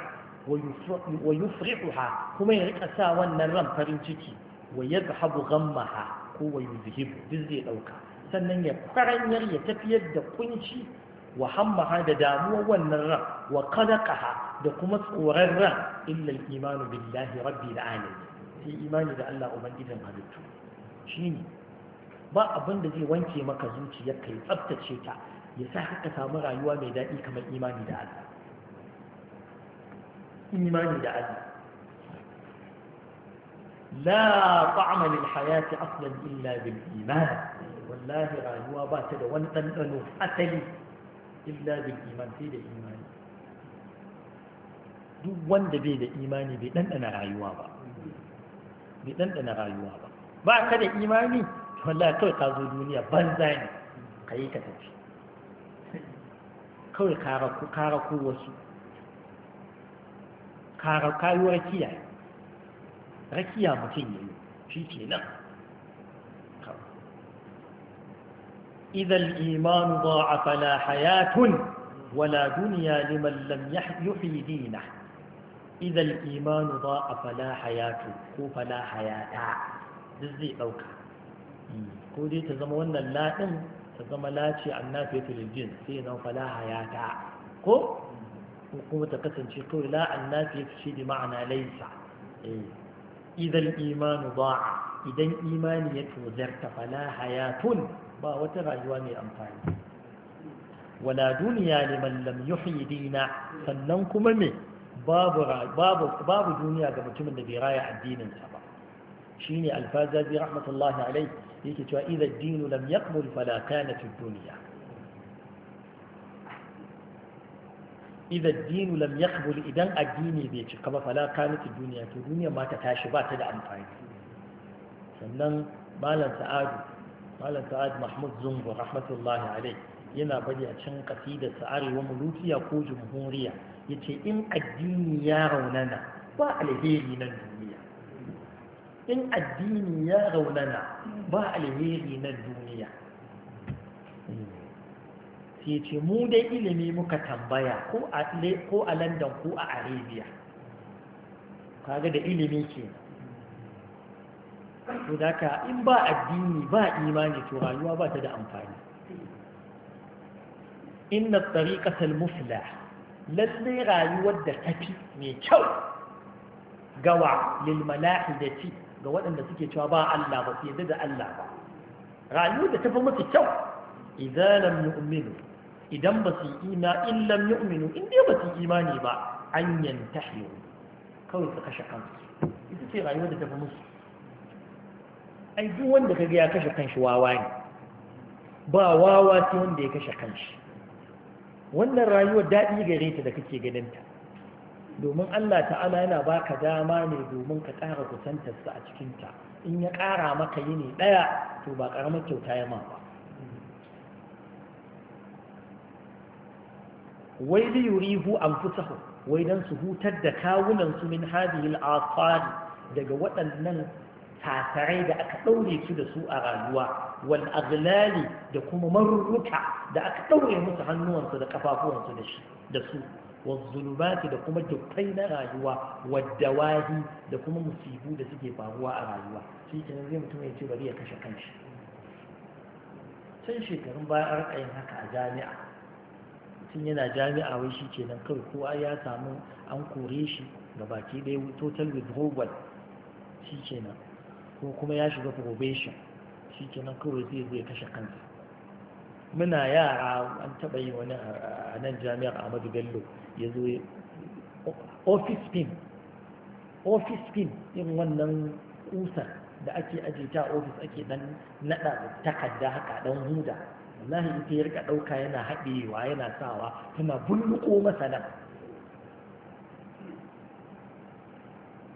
wa yufrihuha kuma ya rika sa wannan ran farin ciki wa yadhhabu ghammaha ko wa yuzhibu duk zai dauka sannan ya faranyar ya tafiyar da kunci wa hammaha da damuwar wannan ran wa qadaqaha da kuma tsoron ran illa al-imanu billahi rabbil sai imani da Allah ubangijin halittu shine ba abin da zai wanke maka zuciyar kai ya tsaftace ta ya sa ka samu rayuwa mai daɗi kamar imani da Allah imani da Allah illa طعم iman. Wallahi rayuwa ba ta da wani وانتنقلوا asali. illa bil iman sai da imani duk wanda bai da imani bai ɗanɗana rayuwa ba bai ɗanɗana rayuwa ba ba ka da imani wallahi kawai ka zo duniya banza ne ka yi ka tafi kawai ka ko wasu kara kayo rakiya rakiya mutum ya yi shi ke nan إذا الإيمان ضاع فلا حياة ولا دنيا لمن لم يحيي دينه إذا الإيمان ضاع فلا حياة فلا حياة دزي أوكا ko dai ta zama wannan laɗin ta zama lace annafiyatul jin sai nan fala hayata ko kuma ta kasance kawai la annafiyatu shi da ma'ana laisa idan imanu idan imani ya tozarta hayatun ba wata rayuwa mai amfani wala duniya liman lam yuhyi dina sannan kuma me babu babu babu duniya ga mutumin da bai raya addinin sa ba shine alfazabi rahmatullahi alayhi yake cewa idza ad-din lam yaqbul fala kanat ad-dunya idza ad-din lam yaqbul idan addini bai cika ba fala kanat ad-dunya to duniya ma ta tashi ba ta da amfani sannan malam sa'adu malam sa'ad mahmud zungu rahmatullahi alai yana bari a can kasidar sa'ari wa mulukiya ko jumhuriya ya ce in addini ya raunana ba alheri na duniya in addini ya raunana ba alheri na duniya sai ce mu dai ilimi muka tambaya ko a Landan ko a arabia kaga da ilimi kenan to da ka in ba addini ba imani to rayuwa ba ta da amfani inna tariqatal mufla lalle rayuwar da tafi mai kyau gawa lil malahidati ga waɗanda suke cewa ba Allah ba sai da Allah ba rayuwar da tafi musu kyau idan lam yu'minu idan ba su ina in lam yu'minu in dai ba su imani ba an yantahiyu kawai su kashe kansu ita ce rayuwar da tafi musu ai duk wanda kaga ya kashe kanshi wawa ne ba wawa sai wanda ya kashe kanshi wannan rayuwar daɗi gare ta da kake ganinta domin Allah ta'ala yana baka dama ne domin ka ƙara sa a cikinta in ya ƙara maka yini ɗaya to ba ƙaramar kyauta ya ma ba wai li yurihu anfusahum wai dan su hutar da kawunan su min hadhihi al daga waɗannan tatarai da aka ɗaure su da su a rayuwa wal aglali da kuma marurruka da aka ɗaure musu hannuwansu da kafafuwansu da su wal zulubati da kuma dukkai na rayuwa wadda wahi da kuma musibu da suke faruwa a rayuwa shi kenan zai mutum ya ce bari ya kashe kanshi sai shekarun baya a rika yin haka a jami'a Tun yana jami'a wai shi nan kawai kowa ya samu an kore shi gabaki ɗaya total withdrawal shi kenan ko kuma ya shiga probation shi ke nan kawai zai zai kashe kansa muna yara an taɓa yi wani a nan jami'ar ahmadu bello ya zo office pin office pin wannan kusa da ake aje ta office ake dan nada takarda haka dan huda wallahi ita ya rika dauka yana haɗewa yana sawa tana bulluko masa nan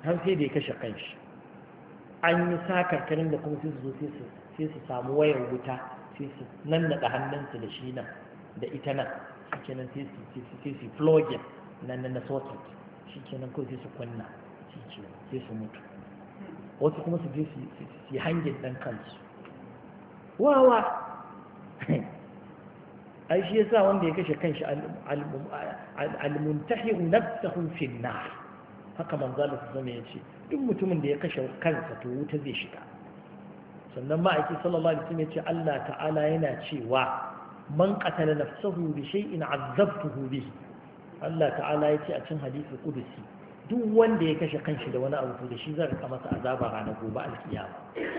har sai da ya kashe kanshi an yi karin da kuma sai su zo sai su samu wayar wuta sai su nan da hannunsu da shi nan da ita nan shi kenan sai su flogin nan na socket shi kenan ko sai su kunna shi sai su mutu wasu kuma su je su yi hangin ɗan kansu wawa ai shi yasa wanda ya kashe kanshi al-muntahiru nafsahu fi nar haka manza su zama ya ce duk mutumin da ya kashe kansa to wuta zai shiga sannan ma'aiki sallallahu alaihi wasallam ya ce Allah ta'ala yana cewa man qatala nafsahu bi shay'in azzabtuhu bihi Allah ta'ala ya ce a cikin hadisi kudusi duk wanda ya kashe kanshi da wani abu da shi zan rika masa azaba ranar gobe alkiyama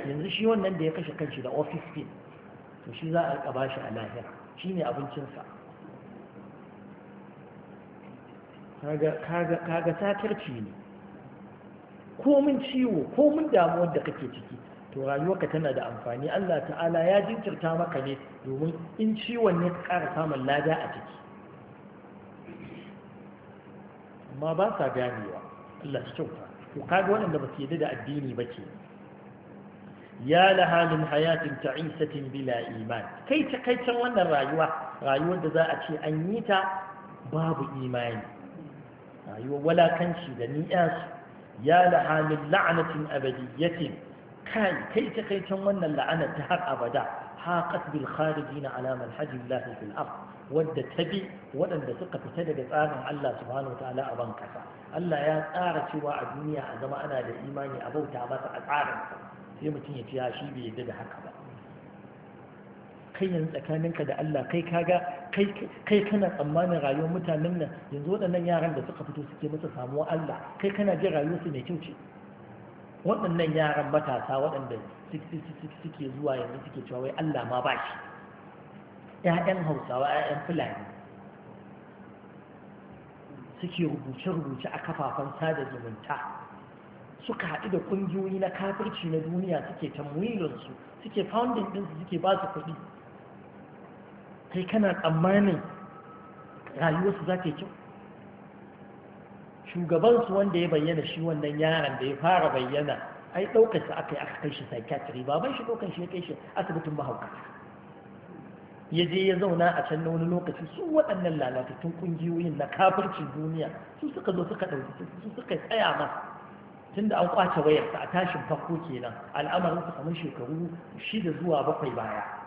yanzu shi wannan da ya kashe kanshi da office fee to shi za a rika bashi a lahira shine abincinsa kaga sakarci ne ko ciwo ko damuwar da kake ciki to rayuwarka tana da amfani Allah ta'ala ya jinkirta maka ne domin in ciwon ne ka ƙara samun lada a ciki amma ba sa ganewa Allah shi kyauta kaga waɗanda ba su yadda da addini ba ke ya laha min hayatin ta'isatin bila iman kai ta kai can wannan rayuwa rayuwar da za a ce an yi ta babu imani rayuwar walakanci da ni'yasu ya lahamin la'anatin abadiyyatin kai kai ta kai can wannan la'anar ta har abada haqat bil kharijina ala manhaji Allah fil ard wadda tabi waɗanda suka fita daga tsarin Allah subhanahu wataala a ban kasa Allah ya tsara cewa a duniya a zama ana da imani a bauta masa a tsarin sai mutum ya ce ya shi bai yadda da haka ba kai yanzu tsakaninka da Allah kai kaga kai kana tsammanin rayuwar mutanen nan yanzu waɗannan yaran da suka fito suke masa samuwa Allah kai kana jin rayuwarsu mai kyau ce waɗannan yaran matasa waɗanda suke zuwa yanzu suke cewa wai Allah ma ba shi ‘ya'yan hausawa ‘ya'yan fulani suke rubuce-rubuce a kafafen sada zumunta suka haɗu da ƙungiyoyi na kafirci na duniya suke tamwilinsu suke founding ɗinsu suke ba su kuɗi kai kana tsammanin rayuwarsu za ta yi kyau shugabansu wanda ya bayyana shi wannan yaron da ya fara bayyana ai ɗaukarsa aka yi aka kai shi psychiatry baban shi ɗaukar shi ya kai shi asibitin bahauka ya je ya zauna a can na wani lokaci su waɗannan lalatattun ƙungiyoyin na kafircin duniya su suka zo suka ɗauki su suka tsaya tun tunda an kwace wayarsa a tashin farko kenan al'amarin su kamar shekaru shida zuwa bakwai baya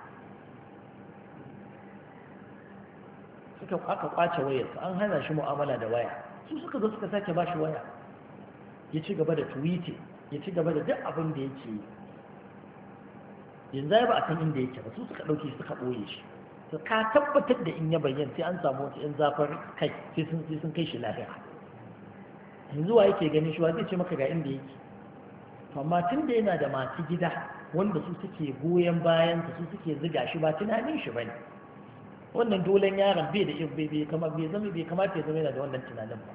suka aka kwace wayarsa an hana shi mu'amala da waya su suka zo suka sake bashi waya ya ci gaba da tuwiti ya ci gaba da duk abin da yake yanzu ya ba a san inda yake ba su suka ɗauke suka ɓoye shi to ka tabbatar da in ya bayyana sai an samu wata 'yan zafar kai sai sun kai shi lafiya yanzu wa yake ganin shi wa zai ce maka ga inda yake amma tun da yana da masu gida wanda su suke goyon bayan su suke ziga shi ba tunanin shi bane wannan dolen yaron bai da shi bai kama bai zama bai kamata ya zama yana da wannan tunanin ba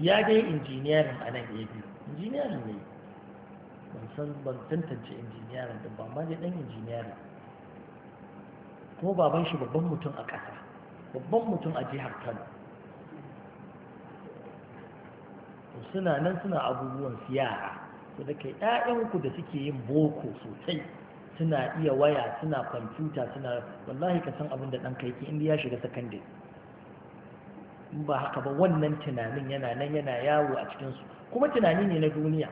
ya ga injiniyarin a nan ya biyu injiniyarin ne ban san ban tantance injiniyarin da ba ma ne dan injiniyarin kuma baban shi babban mutum a ƙasa babban mutum a jihar Kano suna nan suna abubuwan su yara su da ke 'ya'yanku da suke yin boko sosai suna iya waya suna kwamfuta suna wallahi ka san abin da ɗan kaiki inda ya shiga sakandare ba haka ba wannan tunanin yana nan yana yawo a cikinsu kuma tunani ne na duniya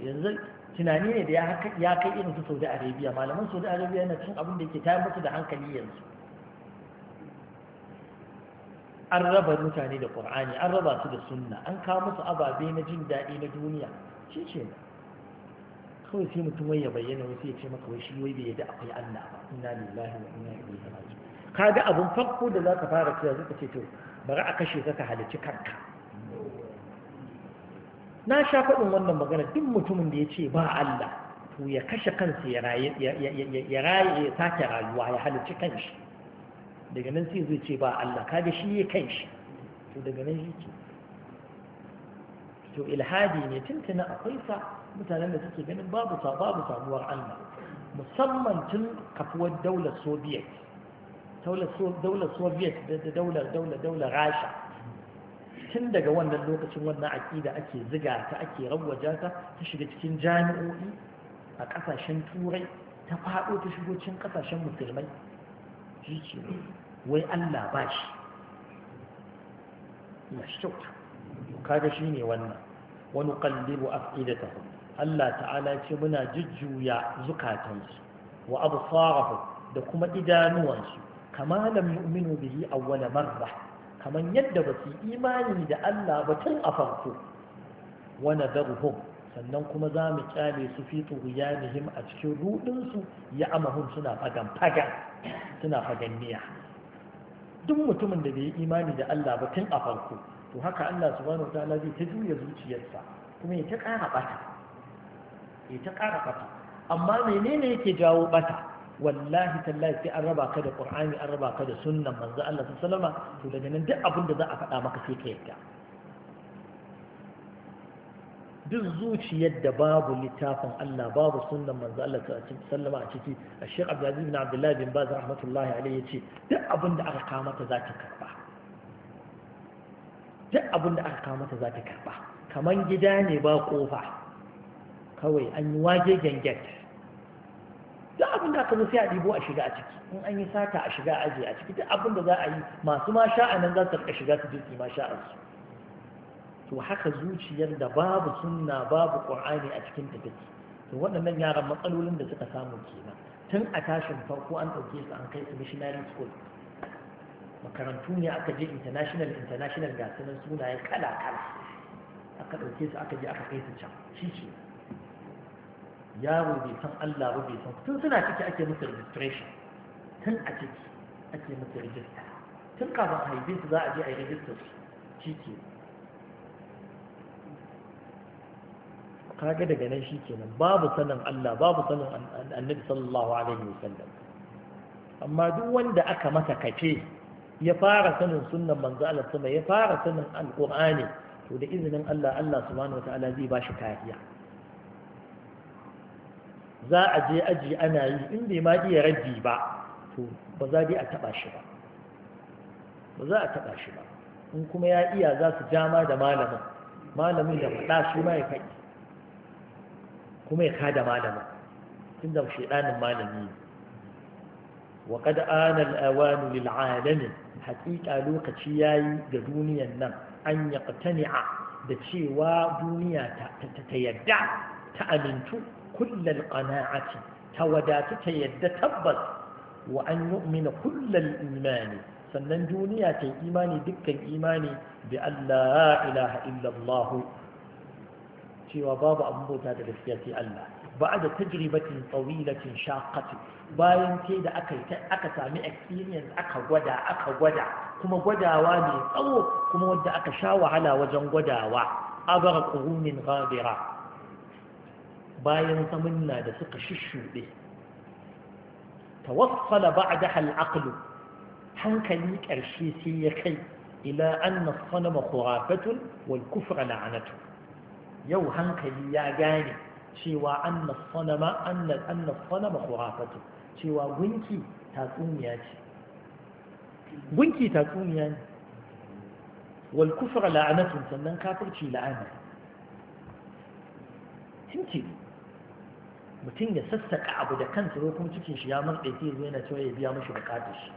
yanzu tunani ne da ya kai irin su saudi arabia malaman saudi arabia yana cin abin da ke tayar musu da hankali yanzu an raba mutane da ƙur'ani an raba su da sunna an kawo musu ababe na jin daɗi na duniya shi ce ne kawai sai mutum ya bayyana wasu ya ce maka wai shi wai bai yadda akwai Allah ba inna lillahi wa inna ilaihi raji'un kaga abun farko da zaka fara cewa zaka ce to bari a kashe ka ka halici kanka na sha faɗin wannan magana duk mutumin da ya ce ba Allah to ya kashe kansa ya raye ya raye ya sake rayuwa ya halici kanshi daga nan sai zai ce ba Allah kaga shi ya kanshi to daga nan shi ce to ilhadi ne tuntuna akwai sa mutanen da suke ganin babu babu samuwar Allah musamman tun kafuwar daular Soviet daular Soviet da daular daular daular Rasha tun daga wannan lokacin wannan aƙida ake ziga ta ake rawwaja ta ta shiga cikin jami'o'i a ƙasashen turai ta faɗo ta shigo cikin ƙasashen musulmai shi ce wai Allah ba shi na kyauta kaga shi ne wannan wani kallibu af'idatahum Allah ta'ala ce muna jujjuya zukatansu wa absarahum da kuma idanuwansu kama lam yu'minu bihi awwala marra kaman yadda ba su imani da Allah ba tun a farko wa nadarhum sannan kuma za mu kyale su fi tughyanihim a cikin rudinsu ya amahun suna fagan fagan suna faganniya duk mutumin da bai imani da Allah ba tun a farko to haka Allah subhanahu zai ta juya zuciyarsa kuma ya ta ƙara bata ya ta ƙara ɓata amma menene yake jawo ɓata wallahi tallahi sai an raba ka da qur'ani an raba ka da sunnan manzo Allah sallama to daga nan duk abin da za a faɗa maka sai ka yadda duk zuciyar da babu littafin Allah babu sunnan manzo Allah sallama a ciki Sheikh Abdulaziz bin Abdullah bin Baz rahmatullahi alayhi yace duk abin da aka kawo mata za ta karba duk abin da aka kawo mata za ta karba kamar gida ne ba kofa kawai an yi waje gangen duk abin da aka sai a a shiga a ciki in an yi sata a shiga aji a ciki duk abin da za a yi masu ma sha'a nan za su rika shiga su jirgi ma sha'arsu to haka zuciyar da babu sunna babu ƙur'ani a cikin ta take to waɗannan yaran matsalolin da suka samu kenan tun a tashin farko an ɗauke su an kai su missionary school makarantu ne aka je international international ga sunaye kala kala aka ɗauke su aka je aka kai su can shi yaro bai san Allah ba bai san tun suna ciki ake musu registration tun a ciki ake musu rijista tun kafin a haife su za a je a yi rijistar shi ke kaga daga nan shi kenan babu sanin Allah babu sanin annabi sallallahu alaihi wasallam amma duk wanda aka masa kace ya fara sanin sunnan manzo Allah sama ya fara sanin alqur'ani to da izinin Allah Allah subhanahu wataala zai ba shi kariya za a je aji ana yi in bai ma iya raddi ba to ba za a taɓa shi ba ba za a taɓa shi ba in kuma ya iya za su jama da malamin malamin da faɗa shi ma ya faɗi kuma ya kada malamin tunda shaidanin malami ne wa kad ana al-awanu lil alamin haƙiƙa lokaci ya yi ga duniyan nan an yaqtani'a da cewa duniya ta yadda ta amintu kullal qana'ati ta wadatu ta yadda tabbas wa an yu'mina kullal imani sannan duniya ta imani dukkan imani bi Allah ilaha illallah cewa babu abin bauta da gaskiya sai Allah ba'da tajribatin tawilatin shaqqati bayan sai da aka aka sami experience aka gwada aka gwada kuma gwadawa ne tsawo kuma wanda aka sha wahala wajen gwadawa abara qurumin ghadira bayan zamanna da suka shushuɗe tawassala ba'da al-aql hankali ƙarshe sai ya kai ila anna sanama khurafatun wal kufra la'anatu yau hankali ya gane cewa an sanama anna anna cewa gunki tatsuniya ce gunki tatsuniya ne wal kufra la'anatu sannan kafirci la'ana tinki mutum ya sassaka abu da kansa ko kuma cikin shi ya man sai zo yana cewa ya biya mashi bukatar shi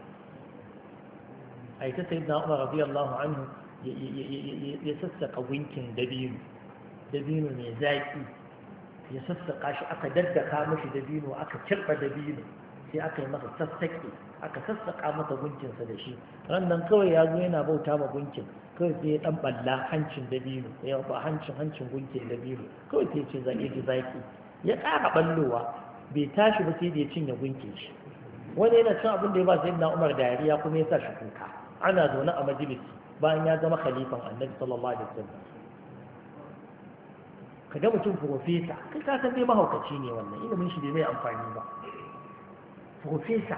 yi ta sayyidina Umar allahu anhu ya sassaka winkin dabino dabino mai zaƙi. ya sassaka shi aka daddaka mashi dabino aka kirɓa dabino sai aka yi masa sassaƙe aka sassaka masa gunkinsa da shi rannan kawai ya zo yana bauta ma gunkin kawai sai ya ɗanɓalla hancin dabino ya ba hancin hancin gunkin dabino kawai sai ce zaƙi da zaƙi ya ƙara ɓallowa bai tashi ba sai da ya cinye gunkin shi wani yana cin abin da ya ba sai na umar dariya kuma ya sa shi kuka ana zaune a majalisi bayan ya zama khalifan annabi sallallahu alaihi wasallam ka ga mutum profesa kai ka san dai mahaukaci ne wannan ilimin shi bai mai amfani ba profesa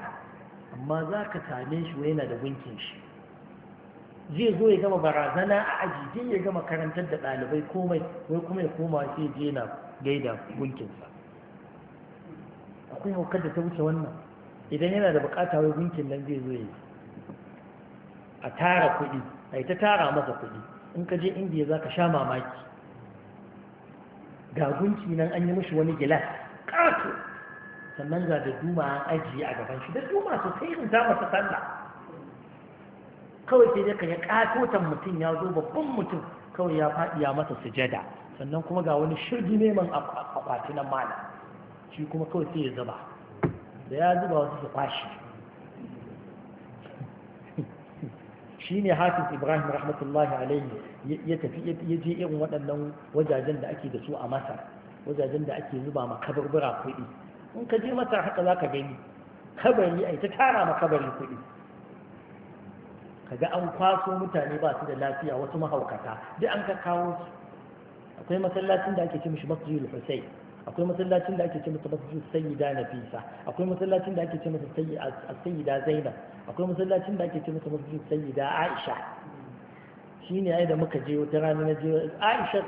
amma za ka same shi wa yana da gunkin shi zai zo ya gama barazana a aji zai ya gama karantar da ɗalibai komai wai kuma ya koma sai je na gaida gunkinsa akwai haukar da ta wuce wannan idan yana da bukata wai gunkin nan zai zo yi a tara kuɗi a yi ta tara masa kuɗi in ka je indiya za ka sha mamaki ga gunki nan an yi mashi wani gilas kato sannan ga da duma an ajiye a gaban shi da duma sosai in za masa sallah kawai sai dai ka ya ƙatotan mutum ya zo babban mutum kawai ya faɗi ya masa sujada sannan kuma ga wani shirgi neman akwati na mala shi kuma kawai sai ya zuba da ya zuba wasu su kwashi (laughs) shi ne hafiz ibrahim rahmatullahi alaihi ya tafi ya je irin waɗannan wajajen da ake da su a masar wajajen da ake zuba ma kabarbura kuɗi in ka je masar haka za ka gani kabari a ta tara ma kabari kuɗi kaga an kwaso mutane ba su da lafiya wasu mahaukata duk an ka kawo su akwai masallacin da ake ce mishi masjidul husayn akwai masallacin da ake ce masa masjidul sayyida nafisa akwai masallacin da ake ce masa sayyida zainab akwai masallacin da ake ce masa masjidul sayyida aisha shine ai da muka je wata rana na je aisha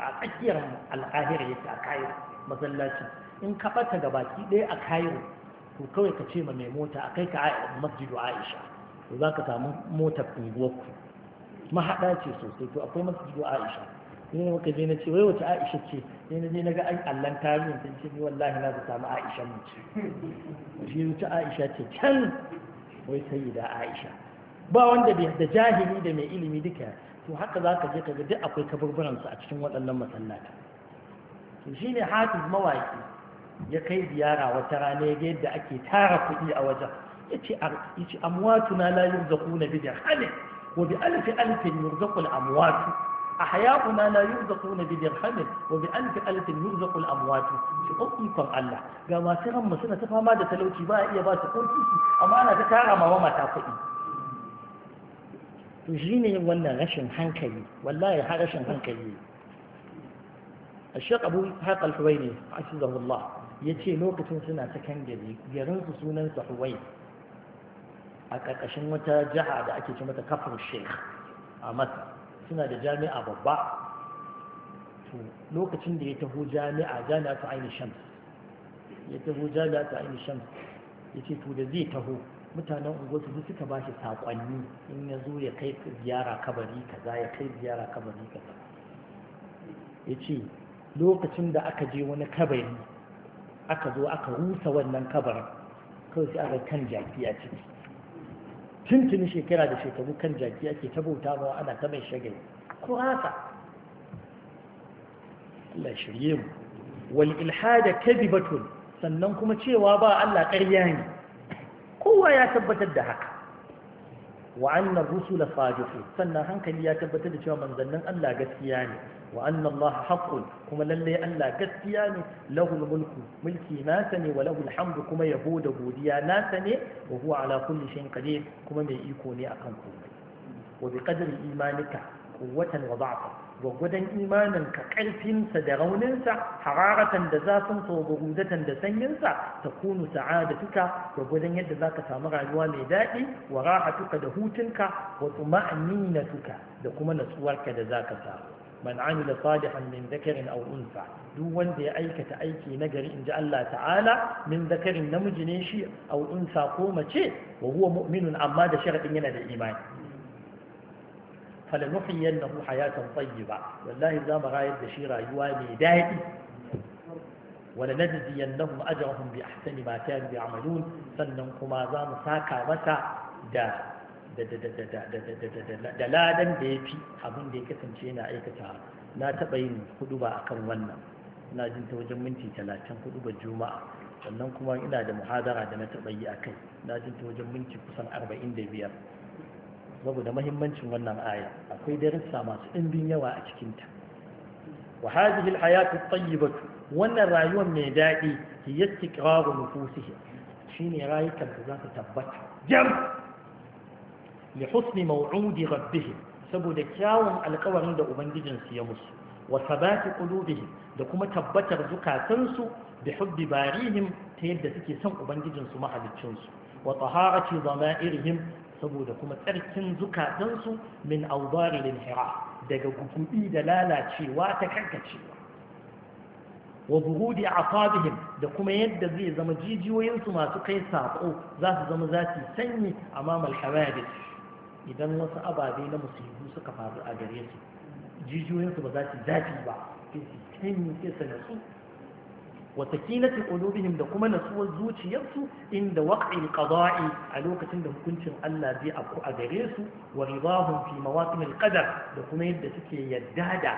a tsakiyar alƙahira yake a kayo masallacin in ka bata ga baki ɗaya a kayo to kawai ka ce ma mai mota a kai ka masjidu aisha to za ka samu motar unguwarku mahaɗa ce sosai to akwai masjidu aisha ne muka je na ce wai wace aisha ce ne na je na ga an allan tarihin sun ce wallahi na zata mu aisha mu ce shi wace aisha ce can wai sai da aisha ba wanda da jahili da mai ilimi duka to haka za ka je ka ga duk akwai kaburburan su a cikin waɗannan masallata to shine hafiz mawaki ya kai ziyara wata rana ya ga yadda ake tara kuɗi a wajen yace yace amwatuna la yurzaquna bi dirhamin wa bi alfi alfin yurzaqul amwatu أحياء ما لا يرزقون بدرهم وبألف ألف يرزق الأموات في أقيكم الله قام سرم مسنة فما دا تلوتي با إيا با تقول أما أنا تتارى ما وما تعطي تجيني ولا غشن حنكي والله غشن حنكي الشيخ أبو حق الحويني عزيزه الله يتي لوقت سنة سكندري يرنس سنة حويني a ƙarƙashin wata jiha da ake ce mata suna da jami'a babba to lokacin da ya taho jami'a jami'a ta ainihin shams ya taho jami'a ta ainihin shams ya ce to da zai taho mutanen unguwarsu su suka ba shi saƙonni in ya zo ya kai ziyara kabari kaza ya kai ziyara kabari kaza ya ce lokacin da aka je wani kabari aka zo aka rusa wannan kabarin kawai sai aka kan jaki a ciki tuntuni shekara da shekaru kan jaki ake ta bauta ba ana ta mai shagali ko haka Allah shirye mu wal ilhada kadibatun sannan kuma cewa ba Allah ƙarya ne kowa ya tabbatar da haka wa rusu la sadiqu sannan hankali ya tabbatar da cewa manzannin Allah gaskiya ne wa anna Allah haƙƙun kuma lallai Allah gaskiya ne lahul mulku mulki nasa ne wa lahul hamdu kuma yabo da godiya nasa ne wa huwa ala kulli shay'in qadir kuma mai iko ne akan komai wa bi qadri imanika quwwatan wa da'fa gwagwadon imaninka ƙarfinsa da rauninsa hararatan da zafin sa gudatan da sanyinsa ta kunu sa'adatuka gwagwadon yadda za ka samu rayuwa mai daɗi wa rahatuka da hutunka wa tuka da kuma natsuwarka da za ka samu man amila salihan min zakarin aw unsa duk wanda ya aikata aiki na in inji Allah ta'ala min zakarin namiji ne shi aw unsa ko mace wa huwa mu'minun amma da sharadin yana da imani falaluhiyannahu hayatan ba. wallahi za mu rayar da shi rayuwa mai daɗi wala najziyannahum ajrahum bi ahsani ma kanu ya'malun sannan kuma za mu saka masa da da da ya fi abin da ya kasance yana aikata na taɓa yin hudu ba akan wannan na jin ta wajen minti talatin hudu juma'a sannan kuma ina da muhadara da na taɓa yi a kai na jin ta wajen minti kusan arba'in da biyar saboda mahimmancin wannan aya akwai darussa masu ɗimbin yawa a cikinta wa hadhihi alhayatu tayyibatu wannan rayuwar mai daɗi ki istiqraru nufusihi shine rayukan da za ta tabbata jam li husni maw'udi rabbihim saboda kyawun alƙawarin da ubangijinsu ya musu wa sabati qulubihim da kuma tabbatar zukatansu bi hubbi barihim ta yadda suke son ubangijinsu mahaliccinsu wa taharati dhamairihim saboda kuma tsarkin zukatansu min audari linhira daga gugubi da lalacewa ta karkacewa wa buhudi asabihim da kuma yadda zai zama jijiyoyinsu masu kai saƙo za su zama za su sanyi a mamal hawadis idan wasu ababe na musibu suka faru a gare su jijiyoyinsu ba za su zafi ba sai su sanyi sai su wa sakinati qulubihim da kuma nasuwar zuciyarsu inda waqi qada'i a lokacin da hukuncin Allah zai afku a gare su wa ridahum fi mawaqim al-qadar da kuma yadda suke yadda da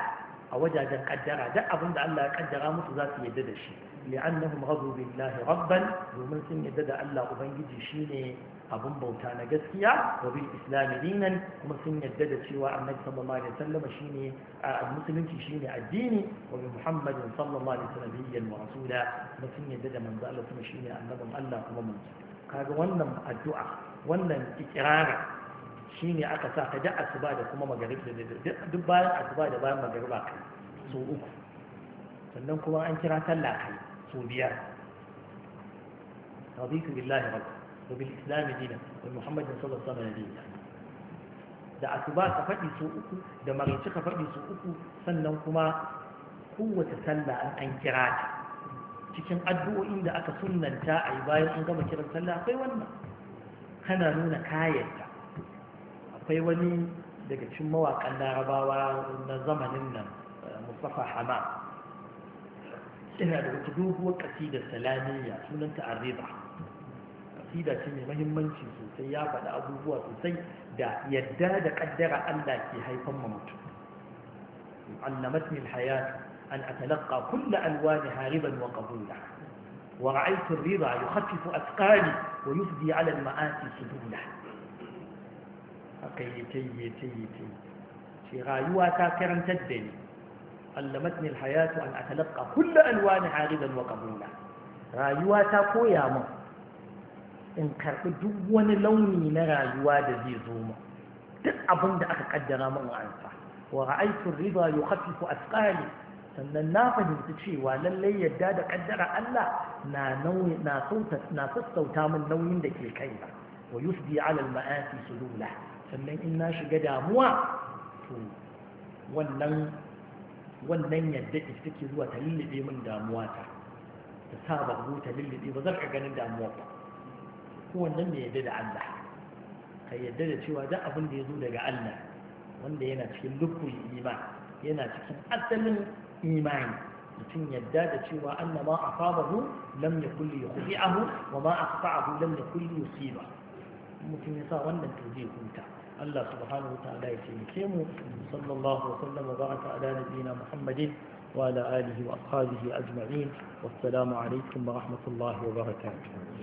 a wajajen kaddara da abin da Allah ya kaddara musu za su yadda da shi li'annahum radu billahi rabban domin sun yadda da Allah ubangiji shine abin bauta na gaskiya wa bil islam dinan kuma sun yadda da cewa annabi sallallahu alaihi wasallam shine musulunci shine addini wa bi muhammadin sallallahu alaihi wasallam biyyan wa rasula kuma sun yadda da manzo Allah kuma shine annabin Allah kuma manzo kaga wannan addu'a wannan ikrari shine aka sa ka da asuba da kuma magarib da duk bayan asuba da bayan magariba kai so uku sannan kuma an kira talla kai so biyar رضيت بالله ربا وبالإسلام دينا ومحمد صلى الله عليه وسلم da asuba ka faɗi su uku da maraice ka faɗi su uku sannan kuma kowace sallah an an kira ta cikin addu'o'in da aka sunnanta a yi bayan an gama kiran sallah akwai wannan kana nuna kayanta akwai wani daga cikin mawaƙan larabawa na zamanin nan mustafa hama ina da wata doguwar ƙasidar salamiyya sunanta arriba aqida ce mai muhimmanci sosai ya faɗi abubuwa sosai da yadda da ƙaddara Allah ke haifan mu mutum allamatni alhayat an atalaqa kull alwaniha hariban wa qabula wa ra'aytu ar-ridha yukhaffifu athqali wa yufdi 'ala al-ma'asi sudula akai yace yace yace shi rayuwa ta karantar da ni allamatni alhayat an atalaqa kull alwaniha hariban wa qabula rayuwa ta koya mun. in karɓi duk wani launi na rayuwa da zai zo mu duk abin da aka kaddara min ansa wa ra'aytu riba yukhaffifu asqali sannan na fahimci cewa lallai yadda da kaddara Allah na nauyi na sauta na sassauta min nauyin da ke kai ba wa yusbi ala al-ma'asi sulula sannan in na shiga damuwa to wannan wannan yadda take zuwa ta lullube min damuwa ta ta sa ta lullube ba zan ka ganin damuwa ba kowannen mai yadda da Allah ka yadda da cewa duk abin da ya zo daga Allah wanda yana cikin lukul iman yana cikin asalin imani mutum yadda da cewa Allah ma kulli lam yakul yukhdi'ahu wa ma akhta'ahu lam yakul ba, mutum ya sa wannan to zai Allah subhanahu wa ta'ala ya taimake mu sallallahu wa sallam wa baraka ala nabiyyina Muhammadin وعلى آله وأصحابه أجمعين والسلام عليكم ورحمة الله وبركاته